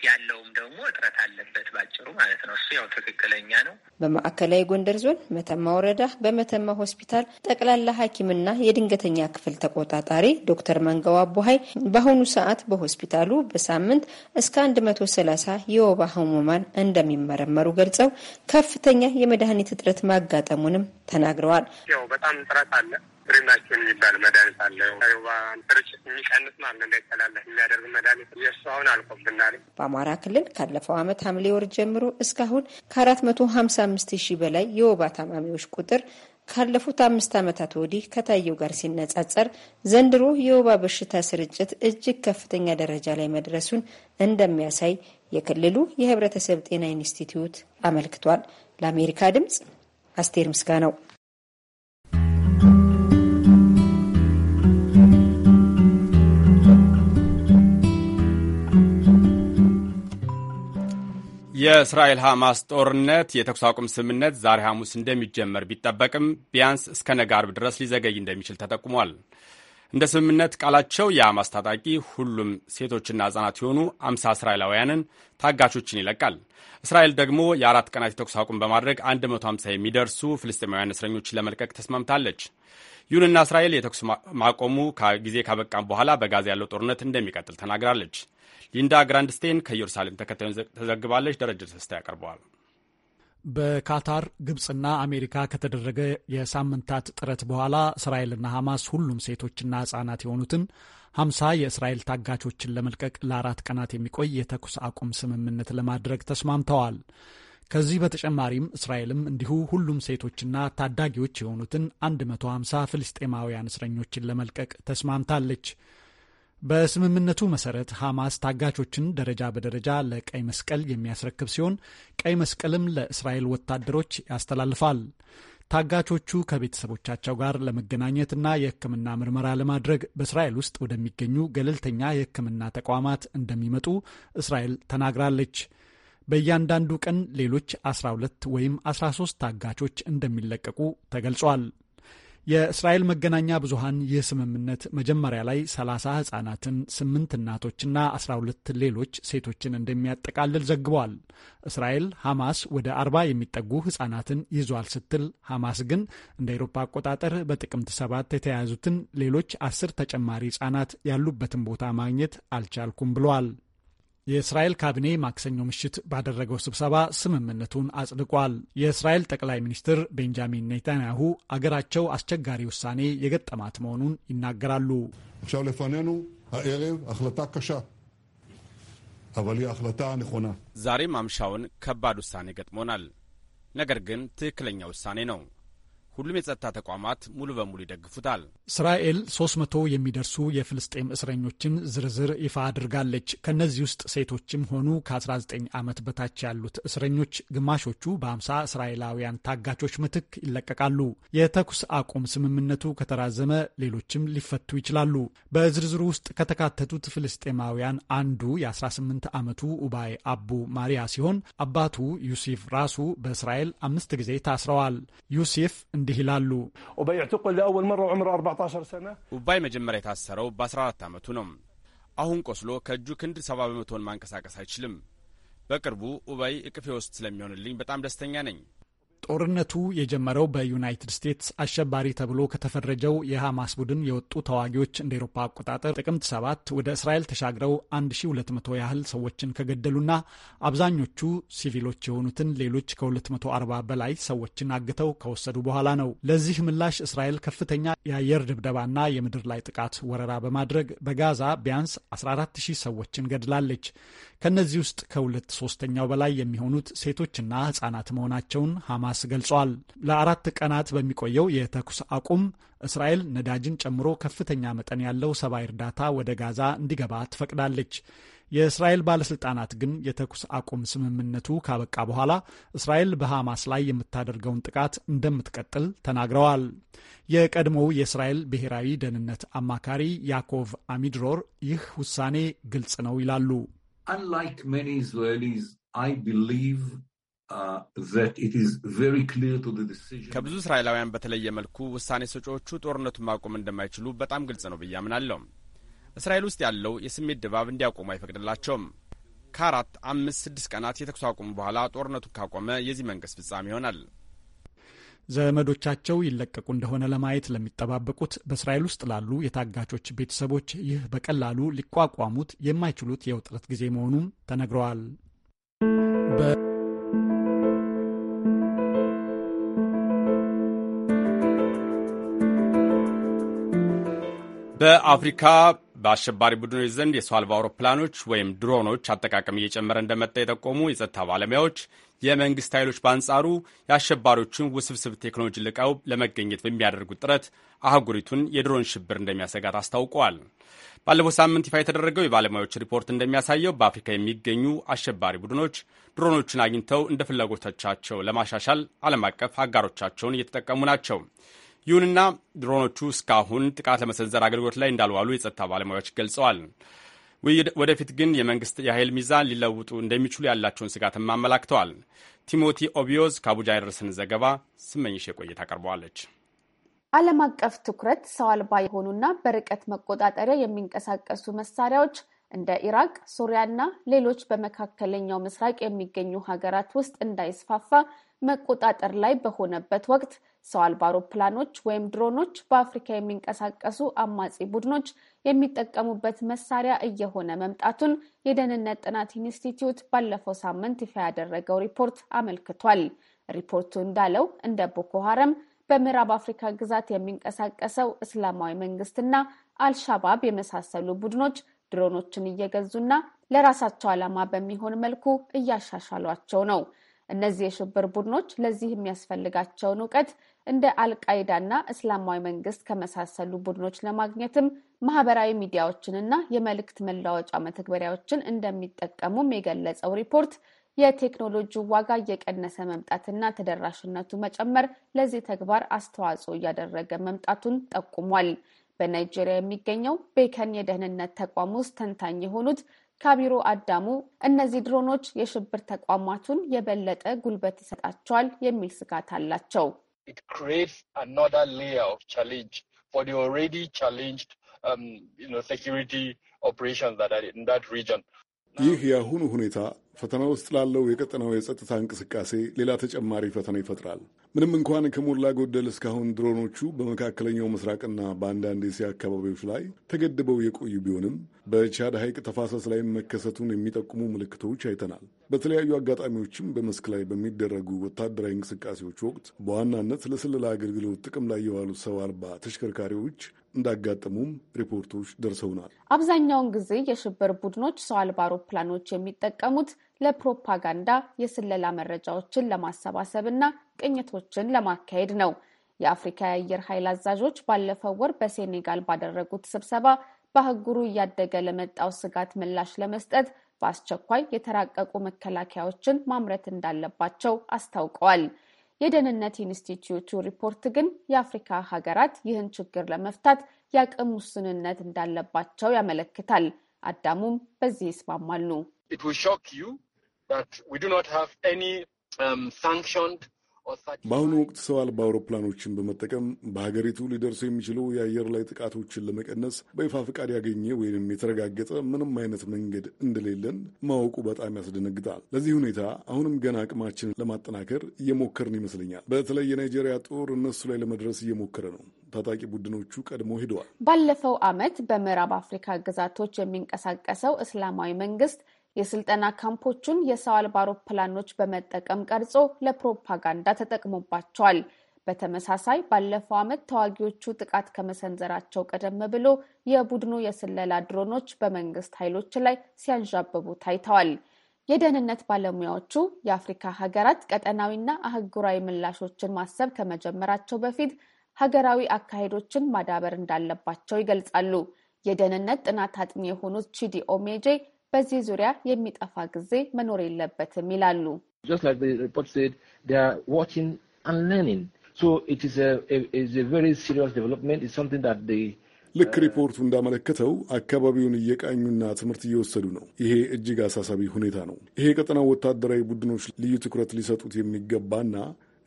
[SPEAKER 6] ያለውም ደግሞ እጥረት አለበት ባጭሩ ማለት ነው። እሱ ያው
[SPEAKER 10] ትክክለኛ ነው። በማዕከላዊ ጎንደር ዞን መተማ ወረዳ በመተማ ሆስፒታል ጠቅላላ ሐኪምና የድንገተኛ ክፍል ተቆጣጣሪ ዶክተር መንገዋ ቦሀይ በአሁኑ ሰዓት በሆስፒታሉ በሳምንት እስከ 130 የወባ ህሙማን እንደሚመረመሩ ገልጸው ከፍተኛ የመድኃኒት እጥረት ማጋጠሙንም ተናግረዋል።
[SPEAKER 6] ያው በጣም እጥረት አለ ሪማችን የሚባል መድኃኒት አለ ወባ ስርጭት የሚቀንስ ማለት እንዳይተላለፍ የሚያደርግ መድኃኒት እየሱ አሁን አልቆብናል።
[SPEAKER 10] በአማራ ክልል ካለፈው ዓመት ሐምሌ ወር ጀምሮ እስካሁን ከአራት መቶ ሀምሳ አምስት ሺህ በላይ የወባ ታማሚዎች ቁጥር ካለፉት አምስት ዓመታት ወዲህ ከታየው ጋር ሲነጻጸር ዘንድሮ የወባ በሽታ ስርጭት እጅግ ከፍተኛ ደረጃ ላይ መድረሱን እንደሚያሳይ የክልሉ የሕብረተሰብ ጤና ኢንስቲትዩት አመልክቷል። ለአሜሪካ ድምጽ አስቴር ምስጋ ነው።
[SPEAKER 1] የእስራኤል ሐማስ ጦርነት የተኩስ አቁም ስምምነት ዛሬ ሐሙስ እንደሚጀመር ቢጠበቅም ቢያንስ እስከ ነገ አርብ ድረስ ሊዘገይ እንደሚችል ተጠቁሟል። እንደ ስምምነት ቃላቸው የሐማስ ታጣቂ ሁሉም ሴቶችና ሕፃናት የሆኑ አምሳ እስራኤላውያንን ታጋቾችን ይለቃል። እስራኤል ደግሞ የአራት ቀናት የተኩስ አቁም በማድረግ 150 የሚደርሱ ፍልስጤማውያን እስረኞችን ለመልቀቅ ተስማምታለች። ይሁንና እስራኤል የተኩስ ማቆሙ ጊዜ ካበቃም በኋላ በጋዛ ያለው ጦርነት እንደሚቀጥል ተናግራለች። ሊንዳ ግራንድስቴን ከኢየሩሳሌም ተከታዩን ተዘግባለች። ደረጀ ተስታ ያቀርበዋል።
[SPEAKER 9] በካታር ግብፅና አሜሪካ ከተደረገ የሳምንታት ጥረት በኋላ እስራኤልና ሐማስ ሁሉም ሴቶችና ህጻናት የሆኑትን ሀምሳ የእስራኤል ታጋቾችን ለመልቀቅ ለአራት ቀናት የሚቆይ የተኩስ አቁም ስምምነት ለማድረግ ተስማምተዋል። ከዚህ በተጨማሪም እስራኤልም እንዲሁ ሁሉም ሴቶችና ታዳጊዎች የሆኑትን 150 ፍልስጤማውያን እስረኞችን ለመልቀቅ ተስማምታለች። በስምምነቱ መሰረት ሐማስ ታጋቾችን ደረጃ በደረጃ ለቀይ መስቀል የሚያስረክብ ሲሆን ቀይ መስቀልም ለእስራኤል ወታደሮች ያስተላልፋል። ታጋቾቹ ከቤተሰቦቻቸው ጋር ለመገናኘትና የሕክምና ምርመራ ለማድረግ በእስራኤል ውስጥ ወደሚገኙ ገለልተኛ የሕክምና ተቋማት እንደሚመጡ እስራኤል ተናግራለች። በእያንዳንዱ ቀን ሌሎች 12 ወይም 13 ታጋቾች እንደሚለቀቁ ተገልጿል። የእስራኤል መገናኛ ብዙሃን ይህ ስምምነት መጀመሪያ ላይ 30 ሕፃናትን፣ 8 እናቶችና 12 ሌሎች ሴቶችን እንደሚያጠቃልል ዘግቧል። እስራኤል ሐማስ ወደ 40 የሚጠጉ ሕፃናትን ይዟል ስትል፣ ሐማስ ግን እንደ አውሮፓ አቆጣጠር በጥቅምት 7 የተያያዙትን ሌሎች 10 ተጨማሪ ሕፃናት ያሉበትን ቦታ ማግኘት አልቻልኩም ብለዋል። የእስራኤል ካቢኔ ማክሰኞ ምሽት ባደረገው ስብሰባ ስምምነቱን አጽድቋል። የእስራኤል ጠቅላይ ሚኒስትር ቤንጃሚን ኔታንያሁ አገራቸው አስቸጋሪ ውሳኔ የገጠማት መሆኑን ይናገራሉ። עכשיו לפנינו
[SPEAKER 1] ዛሬ ማምሻውን ከባድ ውሳኔ ገጥሞናል፣ ነገር ግን ትክክለኛ ውሳኔ ነው። ሁሉም የጸጥታ ተቋማት ሙሉ በሙሉ ይደግፉታል።
[SPEAKER 9] እስራኤል 300 የሚደርሱ የፍልስጤም እስረኞችን ዝርዝር ይፋ አድርጋለች። ከእነዚህ ውስጥ ሴቶችም ሆኑ ከ19 ዓመት በታች ያሉት እስረኞች ግማሾቹ በ50 እስራኤላውያን ታጋቾች ምትክ ይለቀቃሉ። የተኩስ አቁም ስምምነቱ ከተራዘመ ሌሎችም ሊፈቱ ይችላሉ። በዝርዝሩ ውስጥ ከተካተቱት ፍልስጤማውያን አንዱ የ18 ዓመቱ ኡባይ አቡ ማሪያ ሲሆን አባቱ ዩሲፍ ራሱ በእስራኤል አምስት ጊዜ ታስረዋል። ዩሲፍ እንዲህ ይላሉ። ኡበይ
[SPEAKER 1] ኡባይ መጀመሪያ የታሰረው በ14 ዓመቱ ነው። አሁን ቆስሎ ከእጁ ክንድ 70 በመቶን ማንቀሳቀስ አይችልም። በቅርቡ ኡባይ እቅፌ ውስጥ ስለሚሆንልኝ በጣም ደስተኛ ነኝ።
[SPEAKER 9] ጦርነቱ የጀመረው በዩናይትድ ስቴትስ አሸባሪ ተብሎ ከተፈረጀው የሐማስ ቡድን የወጡ ተዋጊዎች እንደ ኤሮፓ አቆጣጠር ጥቅምት ሰባት ወደ እስራኤል ተሻግረው 1200 ያህል ሰዎችን ከገደሉና አብዛኞቹ ሲቪሎች የሆኑትን ሌሎች ከ240 በላይ ሰዎችን አግተው ከወሰዱ በኋላ ነው። ለዚህ ምላሽ እስራኤል ከፍተኛ የአየር ድብደባና የምድር ላይ ጥቃት ወረራ በማድረግ በጋዛ ቢያንስ 140 ሰዎችን ገድላለች። ከእነዚህ ውስጥ ከሁለት ሶስተኛው በላይ የሚሆኑት ሴቶችና ህጻናት መሆናቸውን ሐማስ ሐማስ ገልጿል። ለአራት ቀናት በሚቆየው የተኩስ አቁም እስራኤል ነዳጅን ጨምሮ ከፍተኛ መጠን ያለው ሰብአዊ እርዳታ ወደ ጋዛ እንዲገባ ትፈቅዳለች። የእስራኤል ባለስልጣናት ግን የተኩስ አቁም ስምምነቱ ካበቃ በኋላ እስራኤል በሐማስ ላይ የምታደርገውን ጥቃት እንደምትቀጥል ተናግረዋል። የቀድሞው የእስራኤል ብሔራዊ ደህንነት አማካሪ ያኮቭ አሚድሮር ይህ ውሳኔ ግልጽ ነው ይላሉ።
[SPEAKER 1] Uh, ከብዙ እስራኤላውያን በተለየ መልኩ ውሳኔ ሰጪዎቹ ጦርነቱን ማቆም እንደማይችሉ በጣም ግልጽ ነው ብዬ አምናለሁ። እስራኤል ውስጥ ያለው የስሜት ድባብ እንዲያቆሙ አይፈቅድላቸውም። ከአራት አምስት ስድስት ቀናት የተኩስ አቁም በኋላ ጦርነቱን ካቆመ የዚህ መንግስት ፍጻሜ ይሆናል።
[SPEAKER 9] ዘመዶቻቸው ይለቀቁ እንደሆነ ለማየት ለሚጠባበቁት በእስራኤል ውስጥ ላሉ የታጋቾች ቤተሰቦች ይህ በቀላሉ ሊቋቋሙት የማይችሉት የውጥረት ጊዜ መሆኑም ተነግረዋል።
[SPEAKER 1] በአፍሪካ በአሸባሪ ቡድኖች ዘንድ የሰው አልባ አውሮፕላኖች ወይም ድሮኖች አጠቃቀም እየጨመረ እንደመጣ የጠቆሙ የጸጥታ ባለሙያዎች የመንግስት ኃይሎች በአንጻሩ የአሸባሪዎቹን ውስብስብ ቴክኖሎጂ ልቀው ለመገኘት በሚያደርጉት ጥረት አህጉሪቱን የድሮን ሽብር እንደሚያሰጋት አስታውቀዋል። ባለፈው ሳምንት ይፋ የተደረገው የባለሙያዎች ሪፖርት እንደሚያሳየው በአፍሪካ የሚገኙ አሸባሪ ቡድኖች ድሮኖቹን አግኝተው እንደ ፍላጎቶቻቸው ለማሻሻል ዓለም አቀፍ አጋሮቻቸውን እየተጠቀሙ ናቸው። ይሁንና ድሮኖቹ እስካሁን ጥቃት ለመሰንዘር አገልግሎት ላይ እንዳልዋሉ የጸጥታ ባለሙያዎች ገልጸዋል። ወደፊት ግን የመንግስት የኃይል ሚዛን ሊለውጡ እንደሚችሉ ያላቸውን ስጋትም አመላክተዋል። ቲሞቲ ኦቢዮዝ ከአቡጃ ያደረሰን ዘገባ ስመኝሽ የቆየት አቀርበዋለች።
[SPEAKER 11] ዓለም አቀፍ ትኩረት ሰው አልባ የሆኑና በርቀት መቆጣጠሪያ የሚንቀሳቀሱ መሳሪያዎች እንደ ኢራቅ፣ ሱሪያና ሌሎች በመካከለኛው ምስራቅ የሚገኙ ሀገራት ውስጥ እንዳይስፋፋ መቆጣጠር ላይ በሆነበት ወቅት ሰው አልባ አውሮፕላኖች ወይም ድሮኖች በአፍሪካ የሚንቀሳቀሱ አማጺ ቡድኖች የሚጠቀሙበት መሳሪያ እየሆነ መምጣቱን የደህንነት ጥናት ኢንስቲትዩት ባለፈው ሳምንት ይፋ ያደረገው ሪፖርት አመልክቷል። ሪፖርቱ እንዳለው እንደ ቦኮ ሀረም በምዕራብ አፍሪካ ግዛት የሚንቀሳቀሰው እስላማዊ መንግስትና አልሻባብ የመሳሰሉ ቡድኖች ድሮኖችን እየገዙና ለራሳቸው ዓላማ በሚሆን መልኩ እያሻሻሏቸው ነው። እነዚህ የሽብር ቡድኖች ለዚህ የሚያስፈልጋቸውን እውቀት እንደ አልቃይዳና እስላማዊ መንግስት ከመሳሰሉ ቡድኖች ለማግኘትም ማህበራዊ ሚዲያዎችንና የመልእክት መለዋወጫ መተግበሪያዎችን እንደሚጠቀሙም የገለጸው ሪፖርት የቴክኖሎጂው ዋጋ እየቀነሰ መምጣትና ተደራሽነቱ መጨመር ለዚህ ተግባር አስተዋጽኦ እያደረገ መምጣቱን ጠቁሟል። በናይጄሪያ የሚገኘው ቤከን የደህንነት ተቋም ውስጥ ተንታኝ የሆኑት ካቢሮ አዳሙ እነዚህ ድሮኖች የሽብር ተቋማቱን የበለጠ ጉልበት ይሰጣቸዋል የሚል ስጋት አላቸው።
[SPEAKER 12] um,
[SPEAKER 13] ይህ የአሁኑ ሁኔታ ፈተና ውስጥ ላለው የቀጠናው የጸጥታ እንቅስቃሴ ሌላ ተጨማሪ ፈተና ይፈጥራል። ምንም እንኳን ከሞላ ጎደል እስካሁን ድሮኖቹ በመካከለኛው ምስራቅና በአንዳንድ የእስያ አካባቢዎች ላይ ተገድበው የቆዩ ቢሆንም በቻድ ሐይቅ ተፋሰስ ላይ መከሰቱን የሚጠቁሙ ምልክቶች አይተናል። በተለያዩ አጋጣሚዎችም በመስክ ላይ በሚደረጉ ወታደራዊ እንቅስቃሴዎች ወቅት በዋናነት ለስለላ አገልግሎት ጥቅም ላይ የዋሉ ሰው አልባ ተሽከርካሪዎች እንዳጋጠሙም ሪፖርቶች ደርሰውናል።
[SPEAKER 11] አብዛኛውን ጊዜ የሽብር ቡድኖች ሰው አልባ አውሮፕላኖች የሚጠቀሙት ለፕሮፓጋንዳ የስለላ መረጃዎችን ለማሰባሰብ እና ቅኝቶችን ለማካሄድ ነው። የአፍሪካ የአየር ኃይል አዛዦች ባለፈው ወር በሴኔጋል ባደረጉት ስብሰባ በአህጉሩ እያደገ ለመጣው ስጋት ምላሽ ለመስጠት በአስቸኳይ የተራቀቁ መከላከያዎችን ማምረት እንዳለባቸው አስታውቀዋል። የደህንነት ኢንስቲትዩቱ ሪፖርት ግን የአፍሪካ ሀገራት ይህን ችግር ለመፍታት የአቅም ውስንነት እንዳለባቸው ያመለክታል። አዳሙም በዚህ ይስማማሉ።
[SPEAKER 13] በአሁኑ ወቅት ሰው አልባ አውሮፕላኖችን በመጠቀም በሀገሪቱ ሊደርሱ የሚችሉ የአየር ላይ ጥቃቶችን ለመቀነስ በይፋ ፈቃድ ያገኘ ወይም የተረጋገጠ ምንም አይነት መንገድ እንደሌለን ማወቁ በጣም ያስደነግጣል። ለዚህ ሁኔታ አሁንም ገና አቅማችንን ለማጠናከር እየሞከርን ይመስለኛል። በተለይ የናይጄሪያ ጦር እነሱ ላይ ለመድረስ እየሞከረ ነው። ታጣቂ ቡድኖቹ ቀድሞ ሄደዋል።
[SPEAKER 11] ባለፈው ዓመት በምዕራብ አፍሪካ ግዛቶች የሚንቀሳቀሰው እስላማዊ መንግስት የስልጠና ካምፖቹን የሰው አልባ አውሮፕላኖች በመጠቀም ቀርጾ ለፕሮፓጋንዳ ተጠቅሞባቸዋል። በተመሳሳይ ባለፈው ዓመት ተዋጊዎቹ ጥቃት ከመሰንዘራቸው ቀደም ብሎ የቡድኑ የስለላ ድሮኖች በመንግስት ኃይሎች ላይ ሲያንዣብቡ ታይተዋል። የደህንነት ባለሙያዎቹ የአፍሪካ ሀገራት ቀጠናዊና አህጉራዊ ምላሾችን ማሰብ ከመጀመራቸው በፊት ሀገራዊ አካሄዶችን ማዳበር እንዳለባቸው ይገልጻሉ። የደህንነት ጥናት አጥኚ የሆኑት ቺዲ ኦሜጄ በዚህ ዙሪያ የሚጠፋ ጊዜ መኖር የለበትም ይላሉ።
[SPEAKER 13] ልክ ሪፖርቱ እንዳመለከተው አካባቢውን እየቃኙና ትምህርት እየወሰዱ ነው። ይሄ እጅግ አሳሳቢ ሁኔታ ነው። ይሄ የቀጠናው ወታደራዊ ቡድኖች ልዩ ትኩረት ሊሰጡት የሚገባና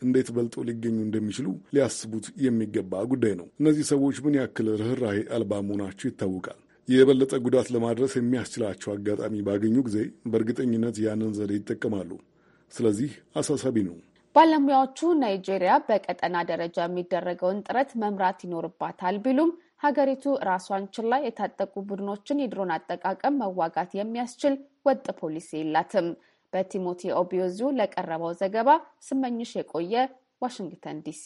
[SPEAKER 13] እንዴት በልጠው ሊገኙ እንደሚችሉ ሊያስቡት የሚገባ ጉዳይ ነው። እነዚህ ሰዎች ምን ያክል ርኅራሄ አልባ መሆናቸው ይታወቃል። የበለጠ ጉዳት ለማድረስ የሚያስችላቸው አጋጣሚ ባገኙ ጊዜ በእርግጠኝነት ያንን ዘዴ ይጠቀማሉ። ስለዚህ አሳሳቢ ነው።
[SPEAKER 11] ባለሙያዎቹ ናይጄሪያ በቀጠና ደረጃ የሚደረገውን ጥረት መምራት ይኖርባታል ቢሉም ሀገሪቱ ራሷን ችላ የታጠቁ ቡድኖችን የድሮን አጠቃቀም መዋጋት የሚያስችል ወጥ ፖሊሲ የላትም። በቲሞቲ ኦቢዮዚ ለቀረበው ዘገባ ስመኝሽ የቆየ ዋሽንግተን ዲሲ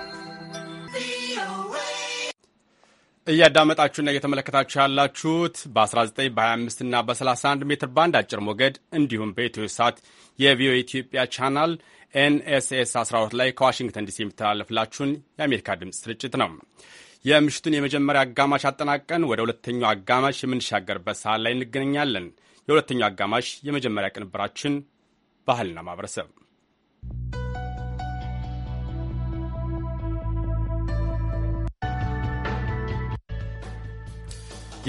[SPEAKER 1] እያዳመጣችሁና እየተመለከታችሁ ያላችሁት በ19 በ25 እና በ31 ሜትር ባንድ አጭር ሞገድ እንዲሁም በኢትዮ ሳት የቪኦኤ ኢትዮጵያ ቻናል ኤንኤስኤስ 12 ላይ ከዋሽንግተን ዲሲ የሚተላለፍላችሁን የአሜሪካ ድምፅ ስርጭት ነው። የምሽቱን የመጀመሪያ አጋማሽ አጠናቀን ወደ ሁለተኛው አጋማሽ የምንሻገርበት ሰዓት ላይ እንገናኛለን። የሁለተኛው አጋማሽ የመጀመሪያ ቅንብራችን ባህልና ማህበረሰብ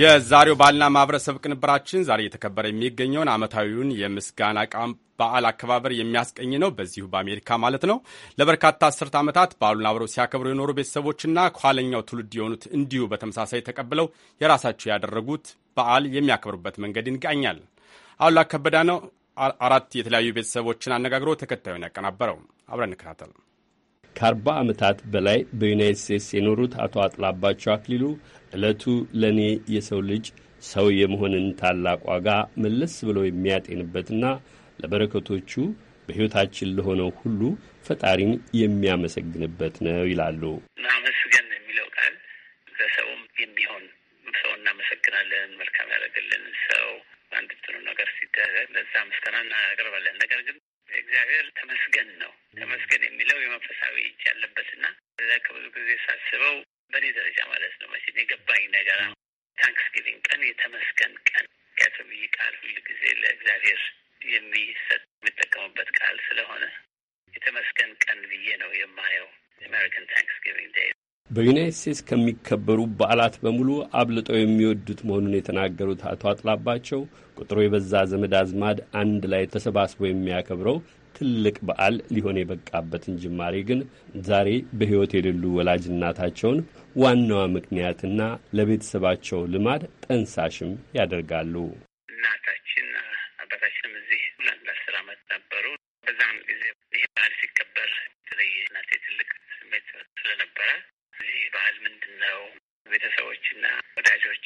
[SPEAKER 1] የዛሬው ባህልና ማህበረሰብ ቅንብራችን ዛሬ እየተከበረ የሚገኘውን ዓመታዊውን የምስጋና ቃም በዓል አከባበር የሚያስቀኝ ነው። በዚሁ በአሜሪካ ማለት ነው። ለበርካታ አስርት ዓመታት በዓሉን አብረው ሲያከብሩ የኖሩ ቤተሰቦችና ከኋለኛው ትውልድ የሆኑት እንዲሁ በተመሳሳይ ተቀብለው የራሳቸው ያደረጉት በዓል የሚያከብሩበት መንገድ ይንቃኛል። አሉላ ከበዳ ነው አራት የተለያዩ ቤተሰቦችን አነጋግሮ ተከታዩን ያቀናበረው። አብረን እንከታተል።
[SPEAKER 12] ከአርባ ዓመታት በላይ በዩናይት ስቴትስ የኖሩት አቶ አጥላባቸው አክሊሉ ዕለቱ ለእኔ የሰው ልጅ ሰው የመሆንን ታላቅ ዋጋ መለስ ብሎ የሚያጤንበትና ለበረከቶቹ በሕይወታችን ለሆነው ሁሉ ፈጣሪን የሚያመሰግንበት ነው ይላሉ።
[SPEAKER 7] ማመስገን የሚለው ቃል ለሰውም የሚሆን ሰው እናመሰግናለን፣ መልካም ያደረገልን ሰው አንድ ጥሩ ነገር ሲደረግ ለዛ ምስጋና እናቀርባለን። ነገር ግን እግዚአብሔር ተመስገን ነው። ተመስገን የሚለው የመንፈሳዊ እጅ ያለበትና ከብዙ ጊዜ ሳስበው በእኔ ደረጃ ማለት ነው መቼም የገባኝ ነገር ታንክስጊቪንግ ቀን የተመስገን ቀን ያተብይ ቃል ሁል ጊዜ ለእግዚአብሔር የሚሰጥ የሚጠቀሙበት ቃል ስለሆነ
[SPEAKER 12] የተመስገን ቀን ብዬ ነው የማየው አሜሪካን ታንክስጊቪንግ ዴይ። በዩናይት ስቴትስ ከሚከበሩ በዓላት በሙሉ አብልጠው የሚወዱት መሆኑን የተናገሩት አቶ አጥላባቸው ቁጥሩ የበዛ ዘመድ አዝማድ አንድ ላይ ተሰባስቦ የሚያከብረው ትልቅ በዓል ሊሆን የበቃበትን ጅማሬ ግን ዛሬ በሕይወት የሌሉ ወላጅ እናታቸውን ዋናዋ ምክንያትና ለቤተሰባቸው ልማድ ጠንሳሽም ያደርጋሉ። እናታችን አባታችንም እዚህ ለአስር ዓመት ነበሩ። በዛም ጊዜ
[SPEAKER 7] ይህ ባህል ሲከበር የተለየ እናቴ ትልቅ ስሜት ስለነበረ እዚህ ባህል ምንድን ነው ቤተሰቦችና ወዳጆች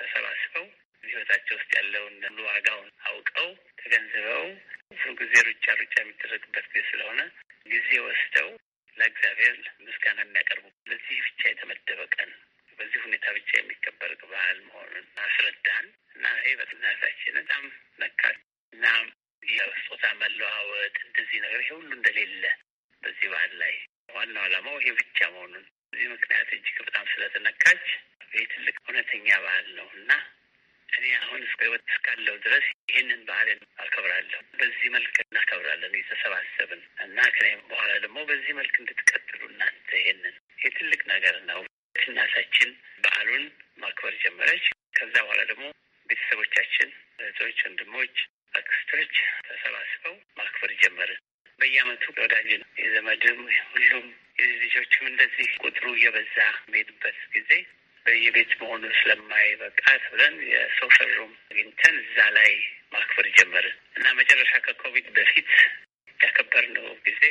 [SPEAKER 7] ተሰባስበው ህይወታቸው ውስጥ ያለውን ሁሉ ዋጋውን አውቀው ተገንዝበው ሁሉ ጊዜ ሩጫ ሩጫ የሚደረግበት ጊዜ ስለሆነ ጊዜ ወስደው ለእግዚአብሔር ምስጋና የሚያቀርቡ ለዚህ ብቻ የተመደበ ቀን በዚህ ሁኔታ ብቻ የሚከበር ባህል መሆኑን አስረዳን እና ይህ በትናታችን በጣም ነካል እና የስጦታ መለዋወጥ እንደዚህ ነገር ይሄ ሁሉ እንደሌለ በዚህ በዓል ላይ ዋናው ዓላማው ይሄ ብቻ መሆኑን በዚህ ምክንያት እጅግ በጣም ስለተነካች ይህ ትልቅ እውነተኛ ባህል ነው እና እኔ አሁን እስከ ህይወት እስካለው ድረስ ይህንን ባህልን አከብራለሁ። በዚህ መልክ እናከብራለን የተሰባሰብን እና ከኔ በኋላ ደግሞ በዚህ መልክ እንድትቀጥሉ እናንተ ይህንን የትልቅ ነገር ነው። እናታችን በዓሉን ማክበር ጀመረች። ከዛ በኋላ ደግሞ ቤተሰቦቻችን እህቶች፣ ወንድሞች፣ አክስቶች ተሰባስበው ማክበር ጀመርን። በየዓመቱ ወዳጅ የዘመድም ሁሉም የልጆችም እንደዚህ ቁጥሩ እየበዛ የሚሄድበት ጊዜ በየቤት መሆኑ ስለማይበቃት ብለን የሶሻል ሩም አግኝተን እዛ ላይ ማክበር ጀመርን እና መጨረሻ ከኮቪድ በፊት ያከበርነው ጊዜ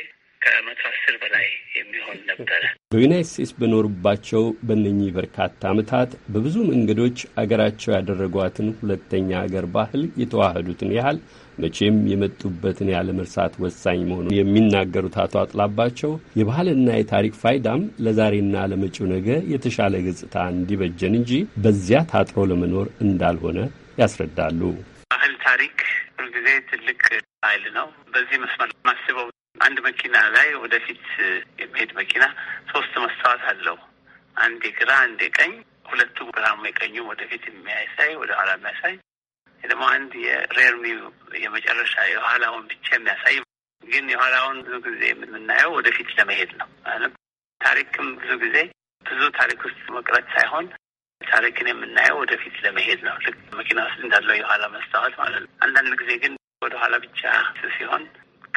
[SPEAKER 7] ከመቶ አስር በላይ የሚሆን ነበረ።
[SPEAKER 12] በዩናይት ስቴትስ በኖሩባቸው በእነኚህ በርካታ ዓመታት በብዙ መንገዶች አገራቸው ያደረጓትን ሁለተኛ አገር ባህል የተዋህዱትን ያህል መቼም የመጡበትን ያለመርሳት ወሳኝ መሆኑን የሚናገሩት አቶ አጥላባቸው የባህልና የታሪክ ፋይዳም ለዛሬና ለመጪው ነገ የተሻለ ገጽታ እንዲበጀን እንጂ በዚያ ታጥሮ ለመኖር እንዳልሆነ ያስረዳሉ። ባህል ታሪክ ሁልጊዜ ትልቅ ኃይል ነው። በዚህ መስመር ማስበው
[SPEAKER 7] አንድ መኪና ላይ ወደፊት የሚሄድ መኪና ሶስት መስታወት አለው። አንዴ ግራ፣ አንዴ ቀኝ ሁለቱ ግራም የቀኙ ወደፊት የሚያሳይ ወደ ኋላ የሚያሳይ ደግሞ አንድ የሬርሚ የመጨረሻ የኋላውን ብቻ የሚያሳይ ግን የኋላውን ብዙ ጊዜ የምናየው ወደፊት ለመሄድ ነው። ታሪክም ብዙ ጊዜ ብዙ ታሪክ ውስጥ መቅረት ሳይሆን ታሪክን የምናየው ወደፊት ለመሄድ ነው። ልክ መኪና ውስጥ እንዳለው የኋላ መስታወት ማለት ነው። አንዳንድ ጊዜ ግን ወደኋላ ብቻ ሲሆን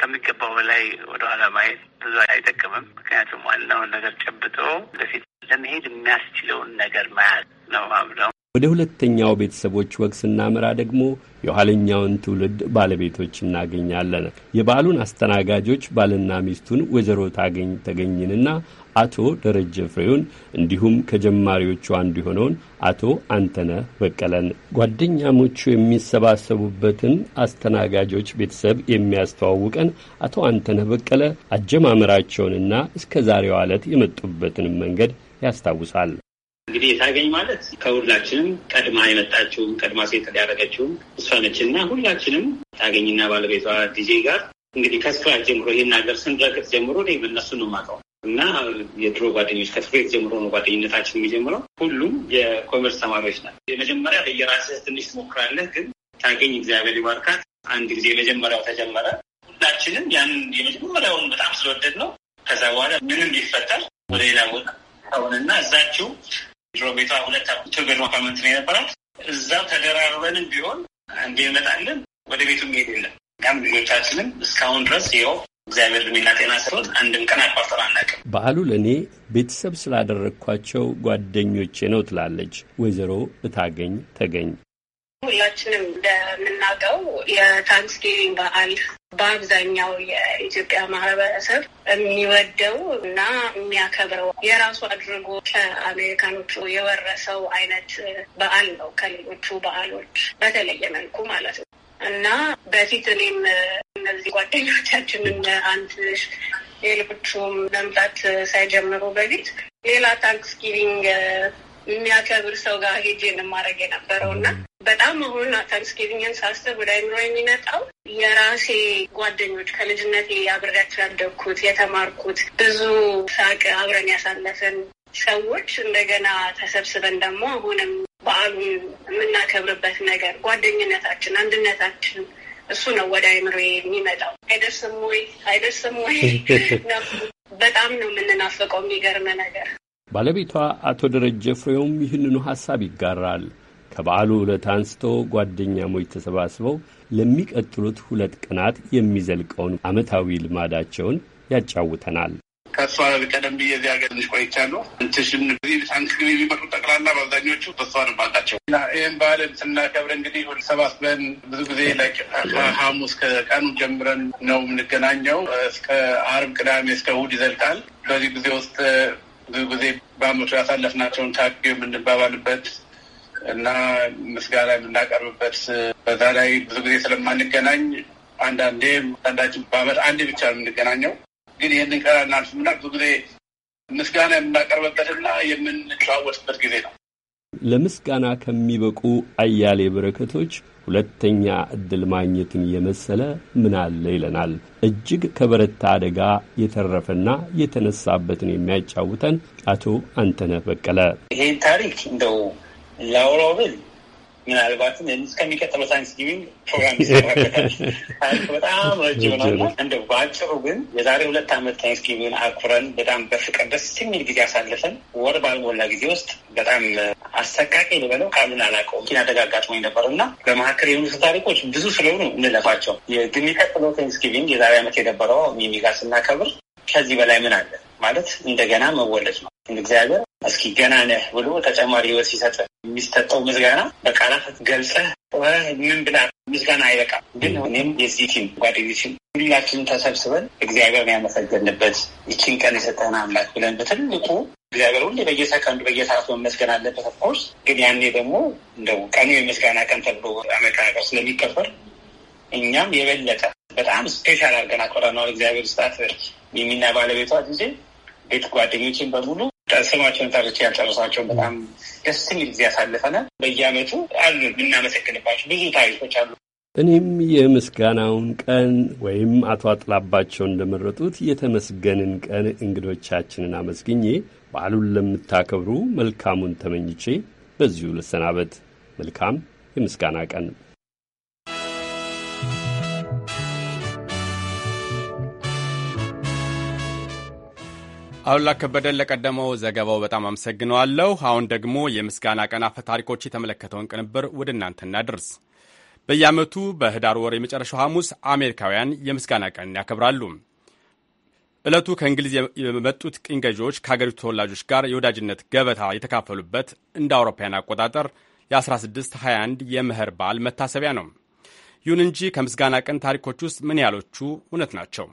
[SPEAKER 7] ከሚገባው በላይ ወደኋላ ማየት ብዙ አይጠቅምም። ምክንያቱም ዋናውን ነገር ጨብጦ ወደፊት ለመሄድ የሚያስችለውን ነገር መያዝ ነው
[SPEAKER 12] ማለት ወደ ሁለተኛው ቤተሰቦች ወግ ስናመራ ደግሞ የኋለኛውን ትውልድ ባለቤቶች እናገኛለን። የበዓሉን አስተናጋጆች ባልና ሚስቱን ወይዘሮ ታገኝ ተገኝንና አቶ ደረጀ ፍሬውን እንዲሁም ከጀማሪዎቹ አንዱ የሆነውን አቶ አንተነህ በቀለን ጓደኛሞቹ የሚሰባሰቡበትን አስተናጋጆች ቤተሰብ የሚያስተዋውቀን አቶ አንተነህ በቀለ አጀማመራቸውንና እስከ ዛሬዋ ዕለት የመጡበትንም መንገድ ያስታውሳል።
[SPEAKER 6] እንግዲህ የታገኝ ማለት ከሁላችንም ቀድማ የመጣችውም ቀድማ ሴት ያደረገችውም እሷ ነች እና ሁላችንም ታገኝና ባለቤቷ ዲጄ ጋር እንግዲህ ከስፍራት ጀምሮ ይህን ሀገር ስንረግጥ ጀምሮ እኔ እነሱ ነው የማውቀው እና የድሮ ጓደኞች ከስፍሬት ጀምሮ ነው ጓደኝነታችን የሚጀምረው። ሁሉም የኮመርስ ተማሪዎች ናት። የመጀመሪያ የራስህ ትንሽ ትሞክራለህ፣ ግን ታገኝ እግዚአብሔር ይባርካት። አንድ ጊዜ የመጀመሪያው ተጀመረ። ሁላችንም ያንን የመጀመሪያውን በጣም ስለወደድ ነው። ከዛ በኋላ ምንም ሊፈጠር ወደ ሌላ ቦታ አሁንና እዛችው ድሮ ቤቷ ሁለት አቁቶ ገድማ አፓርትመንት ነው የነበራት። እዛው ተደራርበንም ቢሆን አንድ ይመጣልን ወደ ቤቱ መሄድ የለም። ያም ልጆቻችንም እስካሁን ድረስ ይኸው እግዚአብሔር እድሜና ጤና ስሮት
[SPEAKER 12] አንድም ቀን አቋርጠን አናውቅም። በዓሉ ለእኔ ቤተሰብ ስላደረግኳቸው ጓደኞቼ ነው ትላለች ወይዘሮ እታገኝ ተገኝ።
[SPEAKER 2] ሁላችንም እንደምናውቀው የታንክስጊቪንግ በዓል በአብዛኛው የኢትዮጵያ ማህበረሰብ የሚወደው እና የሚያከብረው የራሱ አድርጎ ከአሜሪካኖቹ የወረሰው አይነት በዓል ነው፣ ከሌሎቹ በዓሎች በተለየ መልኩ ማለት ነው እና በፊት እኔም እነዚህ ጓደኞቻችንን አንድ ሌሎቹም መምጣት ሳይጀምሩ በፊት ሌላ ታንክስጊቪንግ የሚያከብር ሰው ጋር ሄጄ ማድረግ የነበረው እና በጣም አሁን ታንክስጊቪንግን ሳስብ ወደ አይምሮ የሚመጣው የራሴ ጓደኞች ከልጅነት አብሬያቸው ያደግኩት የተማርኩት ብዙ ሳቅ አብረን ያሳለፍን ሰዎች እንደገና ተሰብስበን ደግሞ አሁንም በዓሉን የምናከብርበት ነገር ጓደኝነታችን፣ አንድነታችን እሱ ነው ወደ አይምሮ የሚመጣው። አይደርስም ወይ አይደርስም ወይ በጣም ነው የምንናፍቀው። የሚገርም ነገር
[SPEAKER 12] ባለቤቷ አቶ ደረጀ ፍሬውም ይህንኑ ሀሳብ ይጋራል። ከበዓሉ ዕለት አንስቶ ጓደኛሞች ተሰባስበው ለሚቀጥሉት ሁለት ቀናት የሚዘልቀውን ዓመታዊ ልማዳቸውን ያጫውተናል።
[SPEAKER 6] ከእሷ ቀደም ብዬ እዚህ ሀገር ትንሽ ቆይቻለሁ። እንትሽን እዚህ ታንክግሪ የሚመጡ ጠቅላላ በአብዛኞቹ በእሷ ነው ባላቸው እና ይህም በዓል ስናከብር እንግዲህ ወደ ሰባት ሰባስበን ብዙ ጊዜ ላይ ሐሙስ ከቀኑ ጀምረን ነው የምንገናኘው እስከ አርብ፣ ቅዳሜ እስከ እሑድ ይዘልቃል። በዚህ ጊዜ ውስጥ ብዙ ጊዜ በአመቱ ያሳለፍናቸውን ታቅ የምንባባልበት እና ምስጋና የምናቀርብበት በዛ ላይ ብዙ ጊዜ ስለማንገናኝ አንዳንዴ አንዳችን በአመት አንዴ ብቻ ነው የምንገናኘው።
[SPEAKER 13] ግን ይህንን ቀን እናልፍምና ብዙ ጊዜ ምስጋና የምናቀርብበትና የምንጨዋወትበት ጊዜ
[SPEAKER 12] ነው። ለምስጋና ከሚበቁ አያሌ በረከቶች ሁለተኛ እድል ማግኘትን የመሰለ ምን አለ ይለናል። እጅግ ከበረታ አደጋ የተረፈና የተነሳበትን የሚያጫውተን አቶ አንተነህ በቀለ
[SPEAKER 6] ይሄን ታሪክ እንደው ላውራው ብል ምናልባትም እስከሚቀጥለው ሳይንስ ጊቪንግ ፕሮግራም ይሰራበታል። በጣም ረጅም ነውና እንደ በአጭሩ ግን የዛሬ ሁለት ዓመት ሳይንስ ጊቪንግን አኩረን በጣም በፍቅር ደስ የሚል ጊዜ አሳልፈን ወር ባልሞላ ጊዜ ውስጥ በጣም አሰቃቂ ልበለው ቃሉን አላውቀውም መኪና አደጋ አጋጥሞኝ ነበር እና በመካከል የሆኑት ታሪኮች ብዙ ስለሆኑ እንለፋቸው። የሚቀጥለው ሳይንስ ጊቪንግ የዛሬ ዓመት የነበረው ሚሚጋ ስናከብር ከዚህ በላይ ምን አለ ማለት እንደገና መወለድ ነው። እግዚአብሔር እስኪ ገና ነህ ብሎ ተጨማሪ ህይወት ሲሰጥ የሚሰጠው ምስጋና በቃላት ገልጸህ ምን ብላ ምስጋና አይበቃም። ግን እኔም የዚህ ቲም ጓደኞችን ሁላችንም ተሰብስበን እግዚአብሔርን ያመሰገንበት ይችን ቀን የሰጠህን አምላክ ብለን በትልቁ እግዚአብሔር ሁሌ በየሰከንዱ በየሰዓቱ መመስገን አለበት። ኦፍኮርስ ግን ያኔ ደግሞ እንደው ቀኑ የምስጋና ቀን ተብሎ አመቃቀር ስለሚከበር እኛም የበለጠ በጣም ስፔሻል አድርገን አቆረነዋል። እግዚአብሔር ስጣት የሚና ባለቤቷ ጊዜ ቤት ጓደኞችን በሙሉ ስማቸውን ጠርቼ ያልጨረሳቸውን በጣም ደስ የሚል ጊዜ ያሳልፈናል። በየአመቱ አሉ የምናመሰግንባቸው ብዙ ታሪኮች አሉ።
[SPEAKER 12] እኔም የምስጋናውን ቀን ወይም አቶ አጥላባቸው እንደመረጡት የተመስገንን ቀን እንግዶቻችንን አመስግኜ በዓሉን ለምታከብሩ መልካሙን ተመኝቼ በዚሁ ልሰናበት። መልካም የምስጋና ቀን
[SPEAKER 1] አሉላ ከበደን ለቀደመው ዘገባው በጣም አመሰግነዋለሁ። አሁን ደግሞ የምስጋና ቀን አፈ ታሪኮች የተመለከተውን ቅንብር ወደ እናንተ እናድርስ። በየዓመቱ በህዳር ወር የመጨረሻው ሐሙስ አሜሪካውያን የምስጋና ቀን ያከብራሉ። ዕለቱ ከእንግሊዝ የመጡት ቅኝ ገዢዎች ከአገሪቱ ተወላጆች ጋር የወዳጅነት ገበታ የተካፈሉበት እንደ አውሮፓውያን አቆጣጠር የ1621 የመኸር በዓል መታሰቢያ ነው። ይሁን እንጂ ከምስጋና ቀን ታሪኮች ውስጥ ምን ያህሎቹ እውነት ናቸው?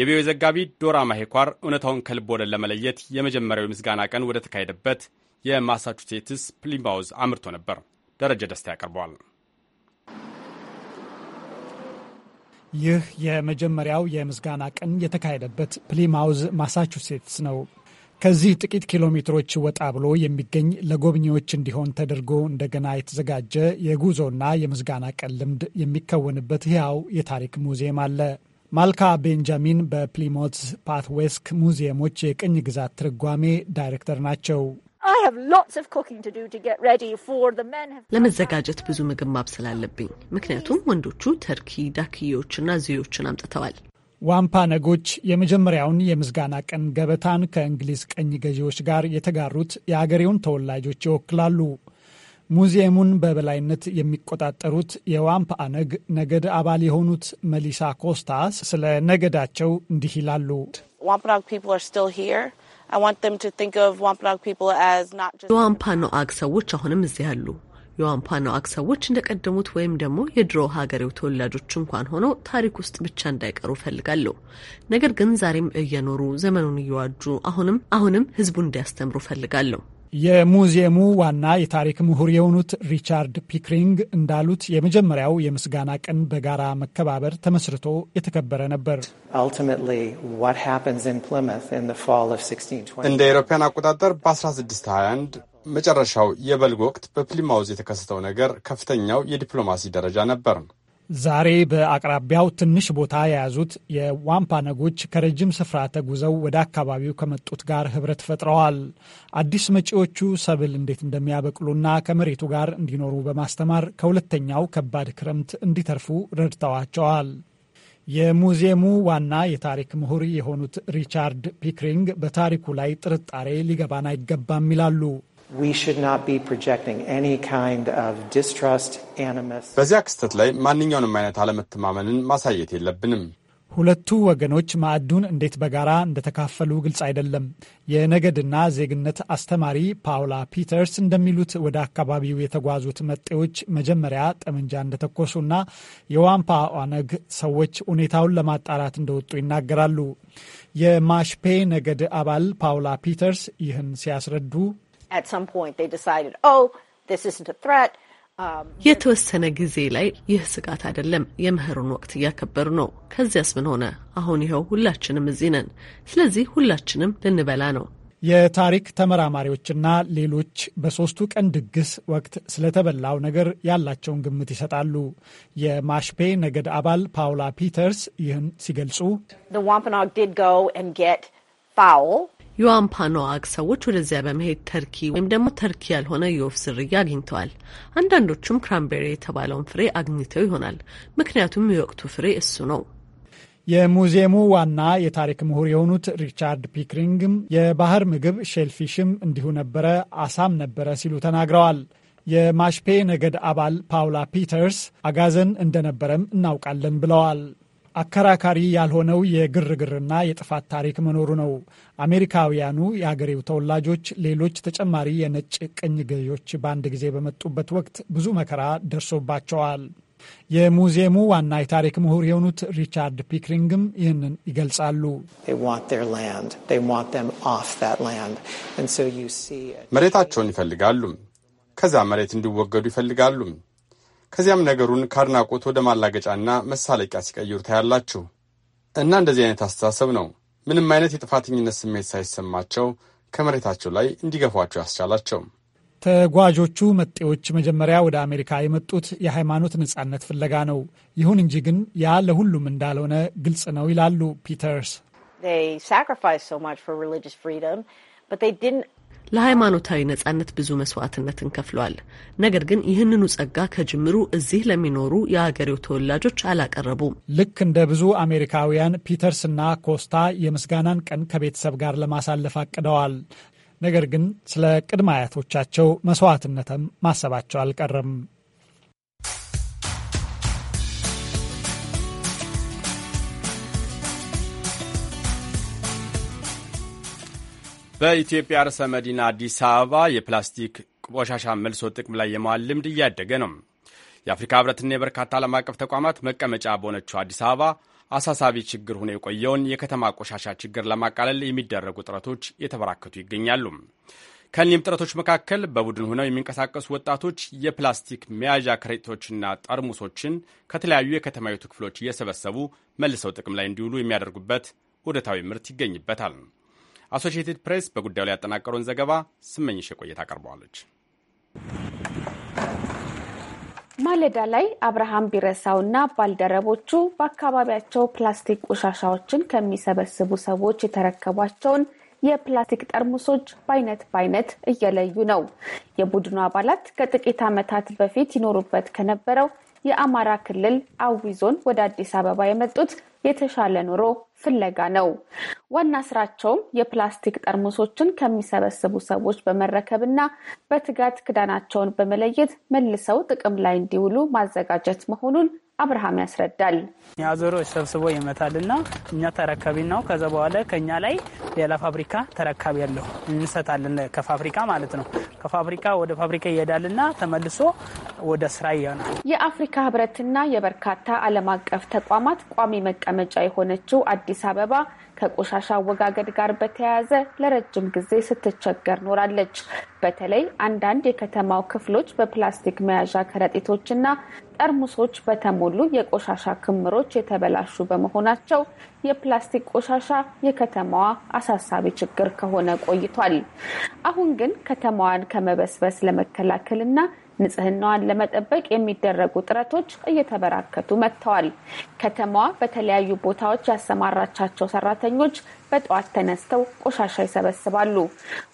[SPEAKER 1] የቪኦኤ ዘጋቢ ዶራ ማሄኳር እውነታውን ከልብ ወለል ለመለየት የመጀመሪያው ምስጋና ቀን ወደ ተካሄደበት የማሳቹሴትስ ፕሊማውዝ አምርቶ ነበር። ደረጀ ደስታ ያቀርበዋል።
[SPEAKER 9] ይህ የመጀመሪያው የምስጋና ቀን የተካሄደበት ፕሊማውዝ ማሳቹሴትስ ነው። ከዚህ ጥቂት ኪሎ ሜትሮች ወጣ ብሎ የሚገኝ ለጎብኚዎች እንዲሆን ተደርጎ እንደገና የተዘጋጀ የጉዞና የምስጋና ቀን ልምድ የሚከወንበት ሕያው የታሪክ ሙዚየም አለ። ማልካ ቤንጃሚን በፕሊሞት ፓትዌስክ ሙዚየሞች የቅኝ ግዛት ትርጓሜ ዳይሬክተር ናቸው።
[SPEAKER 14] ለመዘጋጀት ብዙ ምግብ ማብሰል አለብኝ፣ ምክንያቱም ወንዶቹ ተርኪ፣ ዳክዬዎችና ዝዮዎችን አምጥተዋል። ዋምፓ ነጎች
[SPEAKER 9] የመጀመሪያውን የምስጋና ቀን ገበታን ከእንግሊዝ ቀኝ ገዢዎች ጋር የተጋሩት የአገሬውን ተወላጆች ይወክላሉ። ሙዚየሙን በበላይነት የሚቆጣጠሩት የዋምፕ አነግ ነገድ አባል የሆኑት መሊሳ ኮስታ ስለ ነገዳቸው እንዲህ
[SPEAKER 14] ይላሉ። የዋምፓኖአግ ሰዎች አሁንም እዚህ አሉ። የዋምፓኖአግ ሰዎች እንደቀደሙት ወይም ደግሞ የድሮ ሀገሬው ተወላጆች እንኳን ሆነው ታሪክ ውስጥ ብቻ እንዳይቀሩ ፈልጋለሁ። ነገር ግን ዛሬም እየኖሩ ዘመኑን እየዋጁ አሁንም አሁንም ህዝቡ እንዲያስተምሩ ፈልጋለሁ።
[SPEAKER 9] የሙዚየሙ ዋና የታሪክ ምሁር የሆኑት ሪቻርድ ፒክሪንግ እንዳሉት የመጀመሪያው የምስጋና ቀን በጋራ መከባበር ተመስርቶ የተከበረ ነበር። እንደ አውሮፓውያን አቆጣጠር በ1621
[SPEAKER 1] መጨረሻው የበልግ ወቅት በፕሊማውዝ የተከሰተው ነገር ከፍተኛው የዲፕሎማሲ ደረጃ ነበር።
[SPEAKER 9] ዛሬ በአቅራቢያው ትንሽ ቦታ የያዙት የዋምፓነጎች ከረጅም ስፍራ ተጉዘው ወደ አካባቢው ከመጡት ጋር ህብረት ፈጥረዋል። አዲስ መጪዎቹ ሰብል እንዴት እንደሚያበቅሉና ከመሬቱ ጋር እንዲኖሩ በማስተማር ከሁለተኛው ከባድ ክረምት እንዲተርፉ ረድተዋቸዋል። የሙዚየሙ ዋና የታሪክ ምሁር የሆኑት ሪቻርድ ፒክሪንግ በታሪኩ ላይ ጥርጣሬ ሊገባን አይገባም ይላሉ። በዚያ
[SPEAKER 1] ክስተት ላይ ማንኛውንም አይነት አለመተማመንን ማሳየት የለብንም።
[SPEAKER 9] ሁለቱ ወገኖች ማዕዱን እንዴት በጋራ እንደተካፈሉ ግልጽ አይደለም። የነገድና ዜግነት አስተማሪ ፓውላ ፒተርስ እንደሚሉት ወደ አካባቢው የተጓዙት መጤዎች መጀመሪያ ጠመንጃ እንደተኮሱና የዋምፓ ኦነግ ሰዎች ሁኔታውን ለማጣራት እንደወጡ ይናገራሉ። የማሽፔ ነገድ አባል ፓውላ ፒተርስ ይህን ሲያስረዱ
[SPEAKER 14] የተወሰነ ጊዜ ላይ ይህ ስጋት አይደለም፣ የምህሩን ወቅት እያከበሩ ነው። ከዚያስ ምን ሆነ? አሁን ይኸው ሁላችንም እዚህ ነን። ስለዚህ ሁላችንም ልንበላ ነው።
[SPEAKER 9] የታሪክ ተመራማሪዎችና ሌሎች በሶስቱ ቀን ድግስ ወቅት ስለተበላው ነገር ያላቸውን ግምት ይሰጣሉ። የማሽፔ ነገድ አባል ፓውላ ፒተርስ ይህን ሲገልጹ
[SPEAKER 14] የዋምፓኖአግ ሰዎች ወደዚያ በመሄድ ተርኪ ወይም ደግሞ ተርኪ ያልሆነ የወፍ ዝርያ አግኝተዋል። አንዳንዶቹም ክራምቤሪ የተባለውን ፍሬ አግኝተው ይሆናል። ምክንያቱም የወቅቱ ፍሬ እሱ ነው።
[SPEAKER 9] የሙዚየሙ ዋና የታሪክ ምሁር የሆኑት ሪቻርድ ፒክሪንግም የባህር ምግብ ሼልፊሽም እንዲሁ ነበረ፣ አሳም ነበረ ሲሉ ተናግረዋል። የማሽፔ ነገድ አባል ፓውላ ፒተርስ አጋዘን እንደነበረም እናውቃለን ብለዋል። አከራካሪ ያልሆነው የግርግርና የጥፋት ታሪክ መኖሩ ነው። አሜሪካውያኑ የአገሬው ተወላጆች ሌሎች ተጨማሪ የነጭ ቅኝ ገዢዎች በአንድ ጊዜ በመጡበት ወቅት ብዙ መከራ ደርሶባቸዋል። የሙዚየሙ ዋና የታሪክ ምሁር የሆኑት ሪቻርድ ፒክሪንግም ይህንን ይገልጻሉ።
[SPEAKER 1] መሬታቸውን ይፈልጋሉ። ከዛ መሬት እንዲወገዱ ይፈልጋሉ። ከዚያም ነገሩን ከአድናቆት ወደ ማላገጫና መሳለቂያ ሲቀይሩ ታያላችሁ። እና እንደዚህ አይነት አስተሳሰብ ነው ምንም አይነት የጥፋተኝነት ስሜት ሳይሰማቸው ከመሬታቸው ላይ እንዲገፏቸው ያስቻላቸው።
[SPEAKER 9] ተጓዦቹ መጤዎች መጀመሪያ ወደ አሜሪካ የመጡት የሃይማኖት ነጻነት ፍለጋ ነው። ይሁን እንጂ ግን ያ ለሁሉም እንዳልሆነ ግልጽ ነው ይላሉ ፒተርስ።
[SPEAKER 14] ለሃይማኖታዊ ነጻነት ብዙ መስዋዕትነትን ከፍሏል ነገር ግን ይህንኑ ጸጋ ከጅምሩ እዚህ ለሚኖሩ የአገሬው ተወላጆች አላቀረቡም። ልክ እንደ ብዙ አሜሪካውያን ፒተርስና ኮስታ
[SPEAKER 9] የምስጋናን ቀን ከቤተሰብ ጋር ለማሳለፍ አቅደዋል። ነገር ግን ስለ ቅድመ አያቶቻቸው መስዋዕትነትም ማሰባቸው አልቀረም።
[SPEAKER 1] በኢትዮጵያ ርዕሰ መዲና አዲስ አበባ የፕላስቲክ ቆሻሻ መልሶ ጥቅም ላይ የመዋል ልምድ እያደገ ነው። የአፍሪካ ህብረትና የበርካታ ዓለም አቀፍ ተቋማት መቀመጫ በሆነችው አዲስ አበባ አሳሳቢ ችግር ሆኖ የቆየውን የከተማ ቆሻሻ ችግር ለማቃለል የሚደረጉ ጥረቶች የተበራከቱ ይገኛሉ። ከእኒህም ጥረቶች መካከል በቡድን ሆነው የሚንቀሳቀሱ ወጣቶች የፕላስቲክ መያዣ ከረጢቶችና ጠርሙሶችን ከተለያዩ የከተማይቱ ክፍሎች እየሰበሰቡ መልሰው ጥቅም ላይ እንዲውሉ የሚያደርጉበት ውደታዊ ምርት ይገኝበታል። አሶሺየትድ ፕሬስ በጉዳዩ ላይ ያጠናቀረውን ዘገባ ስመኝሽ ቆየት አቀርበዋለች።
[SPEAKER 11] ማለዳ ላይ አብርሃም ቢረሳው እና ባልደረቦቹ በአካባቢያቸው ፕላስቲክ ቆሻሻዎችን ከሚሰበስቡ ሰዎች የተረከቧቸውን የፕላስቲክ ጠርሙሶች በአይነት በአይነት እየለዩ ነው። የቡድኑ አባላት ከጥቂት ዓመታት በፊት ይኖሩበት ከነበረው የአማራ ክልል አዊ ዞን ወደ አዲስ አበባ የመጡት የተሻለ ኑሮ ፍለጋ ነው። ዋና ስራቸውም የፕላስቲክ ጠርሙሶችን ከሚሰበስቡ ሰዎች በመረከብና በትጋት ክዳናቸውን በመለየት መልሰው ጥቅም ላይ እንዲውሉ ማዘጋጀት መሆኑን አብርሃም ያስረዳል።
[SPEAKER 8] አዞሮች ሰብስቦ ይመታልና እኛ ተረካቢ ነው። ከዛ በኋላ ከኛ ላይ ሌላ ፋብሪካ ተረካቢ ያለው እንሰጣለን። ከፋብሪካ ማለት ነው። ከፋብሪካ ወደ ፋብሪካ ይሄዳልና ተመልሶ ወደ ስራ ይሆናል።
[SPEAKER 11] የአፍሪካ ህብረትና የበርካታ ዓለም አቀፍ ተቋማት ቋሚ መቀመጫ የሆነችው አዲስ አበባ ከቆሻሻ አወጋገድ ጋር በተያያዘ ለረጅም ጊዜ ስትቸገር ኖራለች። በተለይ አንዳንድ የከተማው ክፍሎች በፕላስቲክ መያዣ ከረጢቶች እና ጠርሙሶች በተሞሉ የቆሻሻ ክምሮች የተበላሹ በመሆናቸው የፕላስቲክ ቆሻሻ የከተማዋ አሳሳቢ ችግር ከሆነ ቆይቷል። አሁን ግን ከተማዋን ከመበስበስ ለመከላከል እና ንጽህናዋን ለመጠበቅ የሚደረጉ ጥረቶች እየተበራከቱ መጥተዋል። ከተማዋ በተለያዩ ቦታዎች ያሰማራቻቸው ሰራተኞች በጠዋት ተነስተው ቆሻሻ ይሰበስባሉ።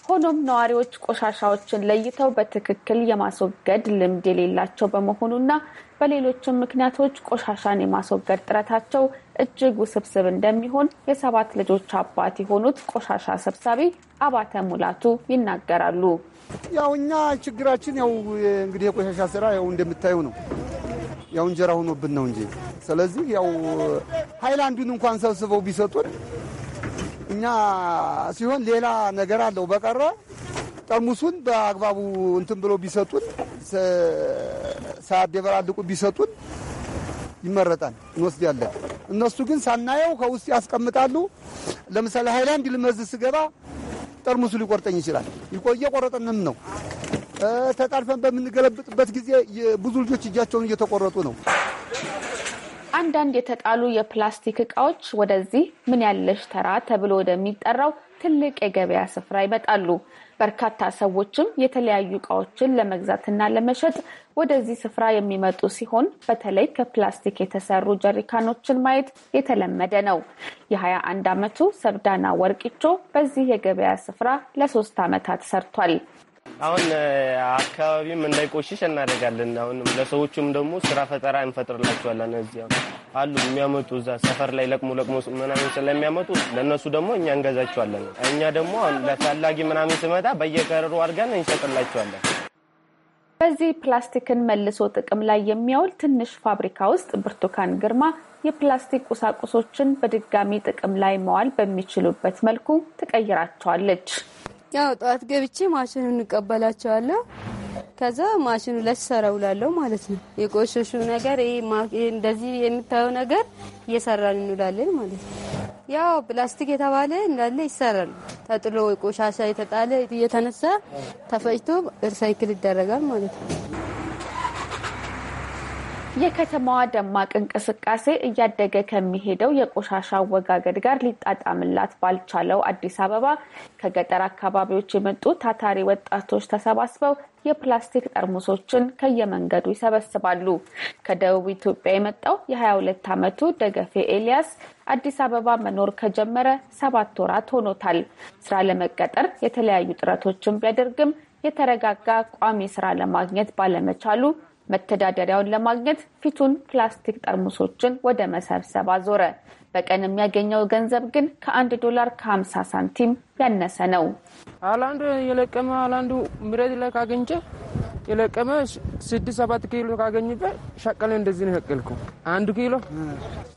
[SPEAKER 11] ሆኖም ነዋሪዎች ቆሻሻዎችን ለይተው በትክክል የማስወገድ ልምድ የሌላቸው በመሆኑና በሌሎችም ምክንያቶች ቆሻሻን የማስወገድ ጥረታቸው እጅግ ውስብስብ እንደሚሆን የሰባት ልጆች አባት የሆኑት ቆሻሻ ሰብሳቢ አባተ ሙላቱ ይናገራሉ።
[SPEAKER 3] ያው እኛ ችግራችን ያው እንግዲህ የቆሻሻ ስራ ያው እንደምታየው ነው። ያው እንጀራ ሆኖብን ነው እንጂ ስለዚህ ያው ሀይላንዱን እንኳን ሰብስበው ቢሰጡን እኛ ሲሆን ሌላ ነገር አለው። በቀረ ጠርሙሱን በአግባቡ እንትን ብለው ቢሰጡን፣ ሳያደበላልቁ ቢሰጡን ይመረጣል። እንወስዳለን። እነሱ ግን ሳናየው ከውስጥ ያስቀምጣሉ። ለምሳሌ ሀይላንድ ልመዝ ስገባ ጠርሙሱ ሊቆርጠኝ ይችላል። እየቆረጠንም ነው። ተጣልፈን በምንገለብጥበት ጊዜ ብዙ ልጆች እጃቸውን እየተቆረጡ ነው።
[SPEAKER 11] አንዳንድ የተጣሉ የፕላስቲክ እቃዎች ወደዚህ ምን ያለሽ ተራ ተብሎ ወደሚጠራው ትልቅ የገበያ ስፍራ ይመጣሉ። በርካታ ሰዎችም የተለያዩ እቃዎችን ለመግዛትና ለመሸጥ ወደዚህ ስፍራ የሚመጡ ሲሆን በተለይ ከፕላስቲክ የተሰሩ ጀሪካኖችን ማየት የተለመደ ነው። የ21 ዓመቱ ሰብዳና ወርቂቾ በዚህ የገበያ ስፍራ ለሶስት ዓመታት ሰርቷል።
[SPEAKER 8] አሁን አካባቢም እንዳይቆሽሽ እናደርጋለን። አሁንም ለሰዎቹም ደግሞ ስራ ፈጠራ እንፈጥርላቸዋለን። እዚያ አሉ የሚያመጡ እዛ ሰፈር ላይ ለቅሞ ለቅሞ ምናምን ስለሚያመጡ ለእነሱ ደግሞ እኛ እንገዛቸዋለን። እኛ ደግሞ ለፈላጊ ምናምን ስመጣ በየቀረሩ አድርገን እንሸጥላቸዋለን።
[SPEAKER 11] በዚህ ፕላስቲክን መልሶ ጥቅም ላይ የሚያውል ትንሽ ፋብሪካ ውስጥ ብርቱካን ግርማ የፕላስቲክ ቁሳቁሶችን በድጋሚ ጥቅም ላይ መዋል በሚችሉበት መልኩ ትቀይራቸዋለች።
[SPEAKER 10] ያው ጠዋት ገብቼ ማሽኑ እንቀበላቸዋለሁ። ከዛ ማሽኑ ለሰራ ሰራ ውላለሁ ማለት ነው። የቆሸሹ ነገር እንደዚህ የምታየው ነገር እየሰራን እንውላለን ማለት ነው። ያው ፕላስቲክ የተባለ እንዳለ ይሰራል። ተጥሎ ቆሻሻ የተጣለ እየተነሳ ተፈጭቶ ሪሳይክል ይደረጋል ማለት ነው። የከተማዋ
[SPEAKER 11] ደማቅ እንቅስቃሴ እያደገ ከሚሄደው የቆሻሻ አወጋገድ ጋር ሊጣጣምላት ባልቻለው አዲስ አበባ ከገጠር አካባቢዎች የመጡ ታታሪ ወጣቶች ተሰባስበው የፕላስቲክ ጠርሙሶችን ከየመንገዱ ይሰበስባሉ። ከደቡብ ኢትዮጵያ የመጣው የ22 ዓመቱ ደገፌ ኤልያስ አዲስ አበባ መኖር ከጀመረ ሰባት ወራት ሆኖታል። ስራ ለመቀጠር የተለያዩ ጥረቶችን ቢያደርግም የተረጋጋ ቋሚ ስራ ለማግኘት ባለመቻሉ መተዳደሪያውን ለማግኘት ፊቱን ፕላስቲክ ጠርሙሶችን ወደ መሰብሰብ አዞረ። በቀን የሚያገኘው ገንዘብ ግን ከአንድ ዶላር ከ50 ሳንቲም ያነሰ ነው። አላንዱ የለቀመ አላንዱ
[SPEAKER 3] ምረት ላይ ካገኘ የለቀመ ስድስት ሰባት ኪሎ ካገኝበት ሸቀለ እንደዚህ ነው የሸቀልኩ አንዱ ኪሎ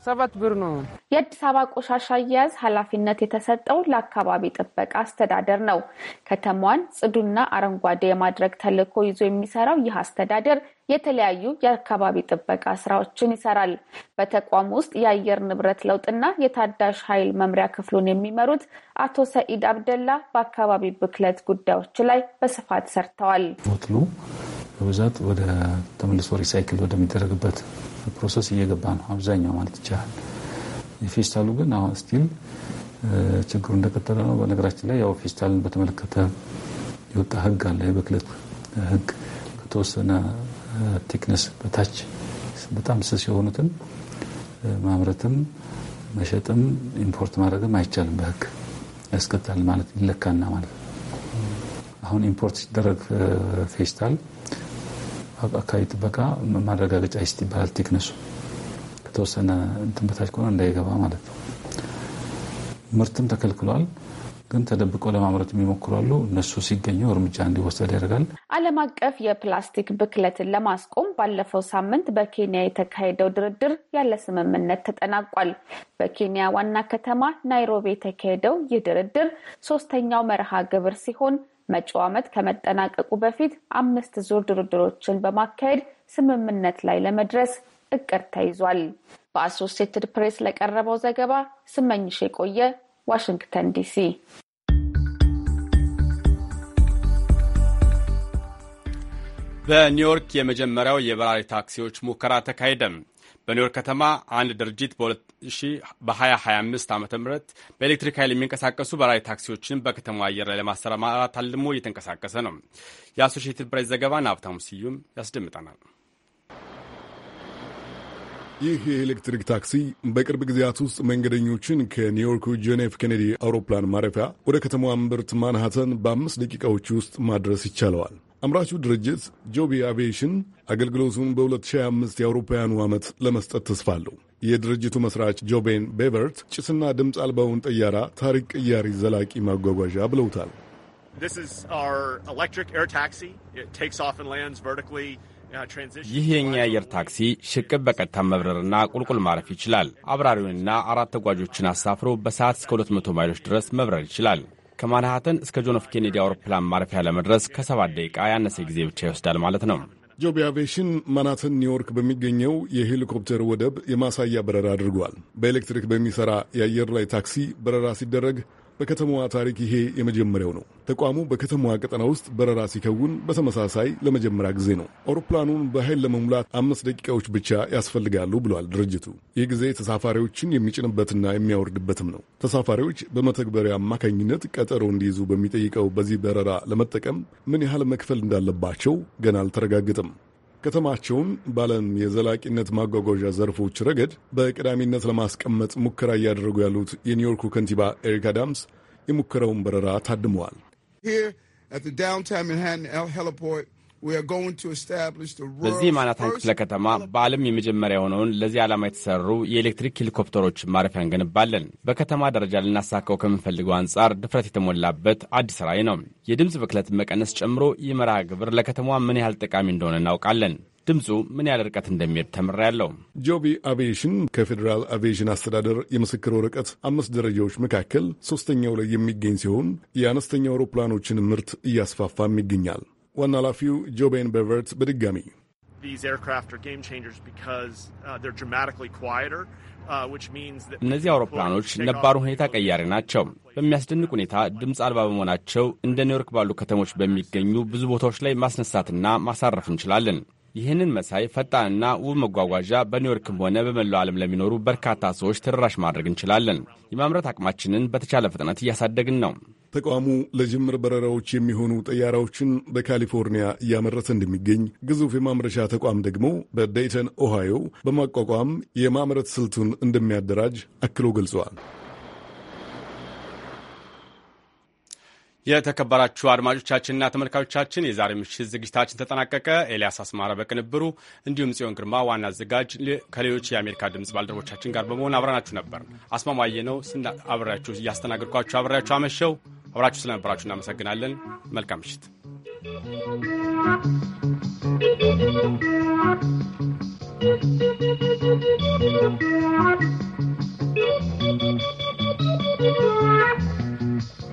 [SPEAKER 3] ሰባት ብር ነው።
[SPEAKER 11] የአዲስ አበባ ቆሻሻ አያያዝ ኃላፊነት የተሰጠው ለአካባቢ ጥበቃ አስተዳደር ነው። ከተማዋን ጽዱና አረንጓዴ የማድረግ ተልዕኮ ይዞ የሚሰራው ይህ አስተዳደር የተለያዩ የአካባቢ ጥበቃ ስራዎችን ይሰራል። በተቋም ውስጥ የአየር ንብረት ለውጥና የታዳሽ ኃይል መምሪያ ክፍሉን የሚመሩት አቶ ሰኢድ አብደላ በአካባቢ ብክለት ጉዳዮች ላይ በስፋት ሰርተዋል።
[SPEAKER 12] በብዛት ወደ ተመልሶ ሪሳይክል ወደሚደረግበት ፕሮሰስ እየገባ ነው አብዛኛው ማለት ይቻላል። የፌስታሉ ግን አሁን ስቲል ችግሩ እንደቀጠለ ነው። በነገራችን ላይ ያው ፌስታልን በተመለከተ የወጣ ህግ አለ። የብክለት ህግ ከተወሰነ ቴክነስ በታች በጣም ስስ የሆኑትን ማምረትም መሸጥም ኢምፖርት ማድረግም አይቻልም። በህግ ያስቀጣል ማለት ይለካና ማለት አሁን ኢምፖርት ሲደረግ ፌስታል አካባቢ ጥበቃ ማረጋገጫ ይስጥ ይባላል። ቴክነሱ ከተወሰነ እንትን በታች ከሆነ እንዳይገባ ማለት ነው። ምርትም ተከልክሏል። ግን ተደብቀው ለማምረት የሚሞክሯሉ። እነሱ ሲገኙ እርምጃ እንዲወሰድ ያደርጋል።
[SPEAKER 11] ዓለም አቀፍ የፕላስቲክ ብክለትን ለማስቆም ባለፈው ሳምንት በኬንያ የተካሄደው ድርድር ያለ ስምምነት ተጠናቋል። በኬንያ ዋና ከተማ ናይሮቢ የተካሄደው ይህ ድርድር ሶስተኛው መርሃ ግብር ሲሆን መጪው ዓመት ከመጠናቀቁ በፊት አምስት ዙር ድርድሮችን በማካሄድ ስምምነት ላይ ለመድረስ እቅድ ተይዟል። በአሶሴትድ ፕሬስ ለቀረበው ዘገባ ስመኝሽ የቆየ ዋሽንግተን ዲሲ።
[SPEAKER 1] በኒውዮርክ የመጀመሪያው የበራሪ ታክሲዎች ሙከራ ተካሄደም። በኒውዮርክ ከተማ አንድ ድርጅት በ2025 ዓ ም በኤሌክትሪክ ኃይል የሚንቀሳቀሱ በራሪ ታክሲዎችን በከተማው አየር ላይ ለማሰማራት አልሞ እየተንቀሳቀሰ ነው። የአሶሽትድ ፕሬስ ዘገባን ሀብታሙ ስዩም ያስደምጠናል።
[SPEAKER 13] ይህ የኤሌክትሪክ ታክሲ በቅርብ ጊዜያት ውስጥ መንገደኞችን ከኒውዮርኩ ጆን ኬኔዲ አውሮፕላን ማረፊያ ወደ ከተማዋ እምብርት ማንሃተን በአምስት ደቂቃዎች ውስጥ ማድረስ ይቻለዋል። አምራቹ ድርጅት ጆቢ አቪዬሽን አገልግሎቱን በ2025 የአውሮፓውያኑ ዓመት ለመስጠት ተስፋ አለው። የድርጅቱ መስራች ጆቤን ቤቨርት ጭስና ድምፅ አልባውን ጠያራ ታሪክ ቅያሪ ዘላቂ ማጓጓዣ ብለውታል።
[SPEAKER 9] uh, ይህ
[SPEAKER 13] የእኛ አየር ታክሲ ሽቅብ በቀጥታ
[SPEAKER 1] መብረርና ቁልቁል ማረፍ ይችላል። አብራሪውንና አራት ተጓዦችን አሳፍሮ በሰዓት እስከ 200 ማይሎች ድረስ መብረር ይችላል። ከማንሃተን እስከ ጆን ኤፍ ኬኔዲ አውሮፕላን ማረፊያ ለመድረስ ከሰባት ደቂቃ ያነሰ ጊዜ ብቻ ይወስዳል ማለት ነው።
[SPEAKER 13] ጆቢ አቪዬሽን ማናተን ኒውዮርክ በሚገኘው የሄሊኮፕተር ወደብ የማሳያ በረራ አድርጓል። በኤሌክትሪክ በሚሰራ የአየር ላይ ታክሲ በረራ ሲደረግ በከተማዋ ታሪክ ይሄ የመጀመሪያው ነው። ተቋሙ በከተማዋ ቀጠና ውስጥ በረራ ሲከውን በተመሳሳይ ለመጀመሪያ ጊዜ ነው። አውሮፕላኑን በኃይል ለመሙላት አምስት ደቂቃዎች ብቻ ያስፈልጋሉ ብሏል ድርጅቱ። ይህ ጊዜ ተሳፋሪዎችን የሚጭንበትና የሚያወርድበትም ነው። ተሳፋሪዎች በመተግበሪያ አማካኝነት ቀጠሮ እንዲይዙ በሚጠይቀው በዚህ በረራ ለመጠቀም ምን ያህል መክፈል እንዳለባቸው ገና አልተረጋገጠም። ከተማቸውን ባለም የዘላቂነት ማጓጓዣ ዘርፎች ረገድ በቀዳሚነት ለማስቀመጥ ሙከራ እያደረጉ ያሉት የኒውዮርኩ ከንቲባ ኤሪክ አዳምስ የሙከራውን በረራ ታድመዋል። በዚህ
[SPEAKER 1] ማናታን ክፍለ ከተማ በዓለም የመጀመሪያ የሆነውን ለዚህ ዓላማ የተሰሩ የኤሌክትሪክ ሄሊኮፕተሮች ማረፊያ እንገነባለን። በከተማ ደረጃ ልናሳካው ከምንፈልገው አንጻር ድፍረት የተሞላበት አዲስ ራዕይ ነው። የድምፅ በክለት መቀነስ ጨምሮ ይህ መርሃ ግብር ለከተማዋ ምን ያህል ጠቃሚ እንደሆነ እናውቃለን። ድምፁ ምን ያህል ርቀት እንደሚሄድ ተምሬያለሁ።
[SPEAKER 13] ጆቢ አቪዬሽን ከፌዴራል አቪዬሽን አስተዳደር የምስክር ወረቀት አምስት ደረጃዎች መካከል ሶስተኛው ላይ የሚገኝ ሲሆን የአነስተኛ አውሮፕላኖችን ምርት እያስፋፋም ይገኛል። ዋና ኃላፊው ጆቤን በቨርት በድጋሚ
[SPEAKER 9] uh, uh, እነዚህ
[SPEAKER 13] አውሮፕላኖች ነባሩ ሁኔታ ቀያሪ
[SPEAKER 1] ናቸው። በሚያስደንቅ ሁኔታ ድምፅ አልባ በመሆናቸው እንደ ኒውዮርክ ባሉ ከተሞች በሚገኙ ብዙ ቦታዎች ላይ ማስነሳትና ማሳረፍ እንችላለን። ይህንን መሳይ ፈጣንና ውብ መጓጓዣ በኒውዮርክም ሆነ በመላው ዓለም ለሚኖሩ በርካታ ሰዎች ተደራሽ ማድረግ እንችላለን። የማምረት አቅማችንን በተቻለ ፍጥነት እያሳደግን ነው።
[SPEAKER 13] ተቋሙ ለጅምር በረራዎች የሚሆኑ ጠያራዎችን በካሊፎርኒያ እያመረተ እንደሚገኝ፣ ግዙፍ የማምረቻ ተቋም ደግሞ በዴይተን ኦሃዮ በማቋቋም የማምረት ስልቱን እንደሚያደራጅ አክሎ ገልጸዋል።
[SPEAKER 1] የተከበራችሁ አድማጮቻችንና ተመልካቾቻችን የዛሬ ምሽት ዝግጅታችን ተጠናቀቀ። ኤልያስ አስማራ በቅንብሩ እንዲሁም ጽዮን ግርማ ዋና አዘጋጅ ከሌሎች የአሜሪካ ድምፅ ባልደረቦቻችን ጋር በመሆን አብረናችሁ ነበር። አስማማየ ነው አብሬያችሁ እያስተናገድኳችሁ አብሬያችሁ አመሸው። አብራችሁ ስለነበራችሁ እናመሰግናለን። መልካም ምሽት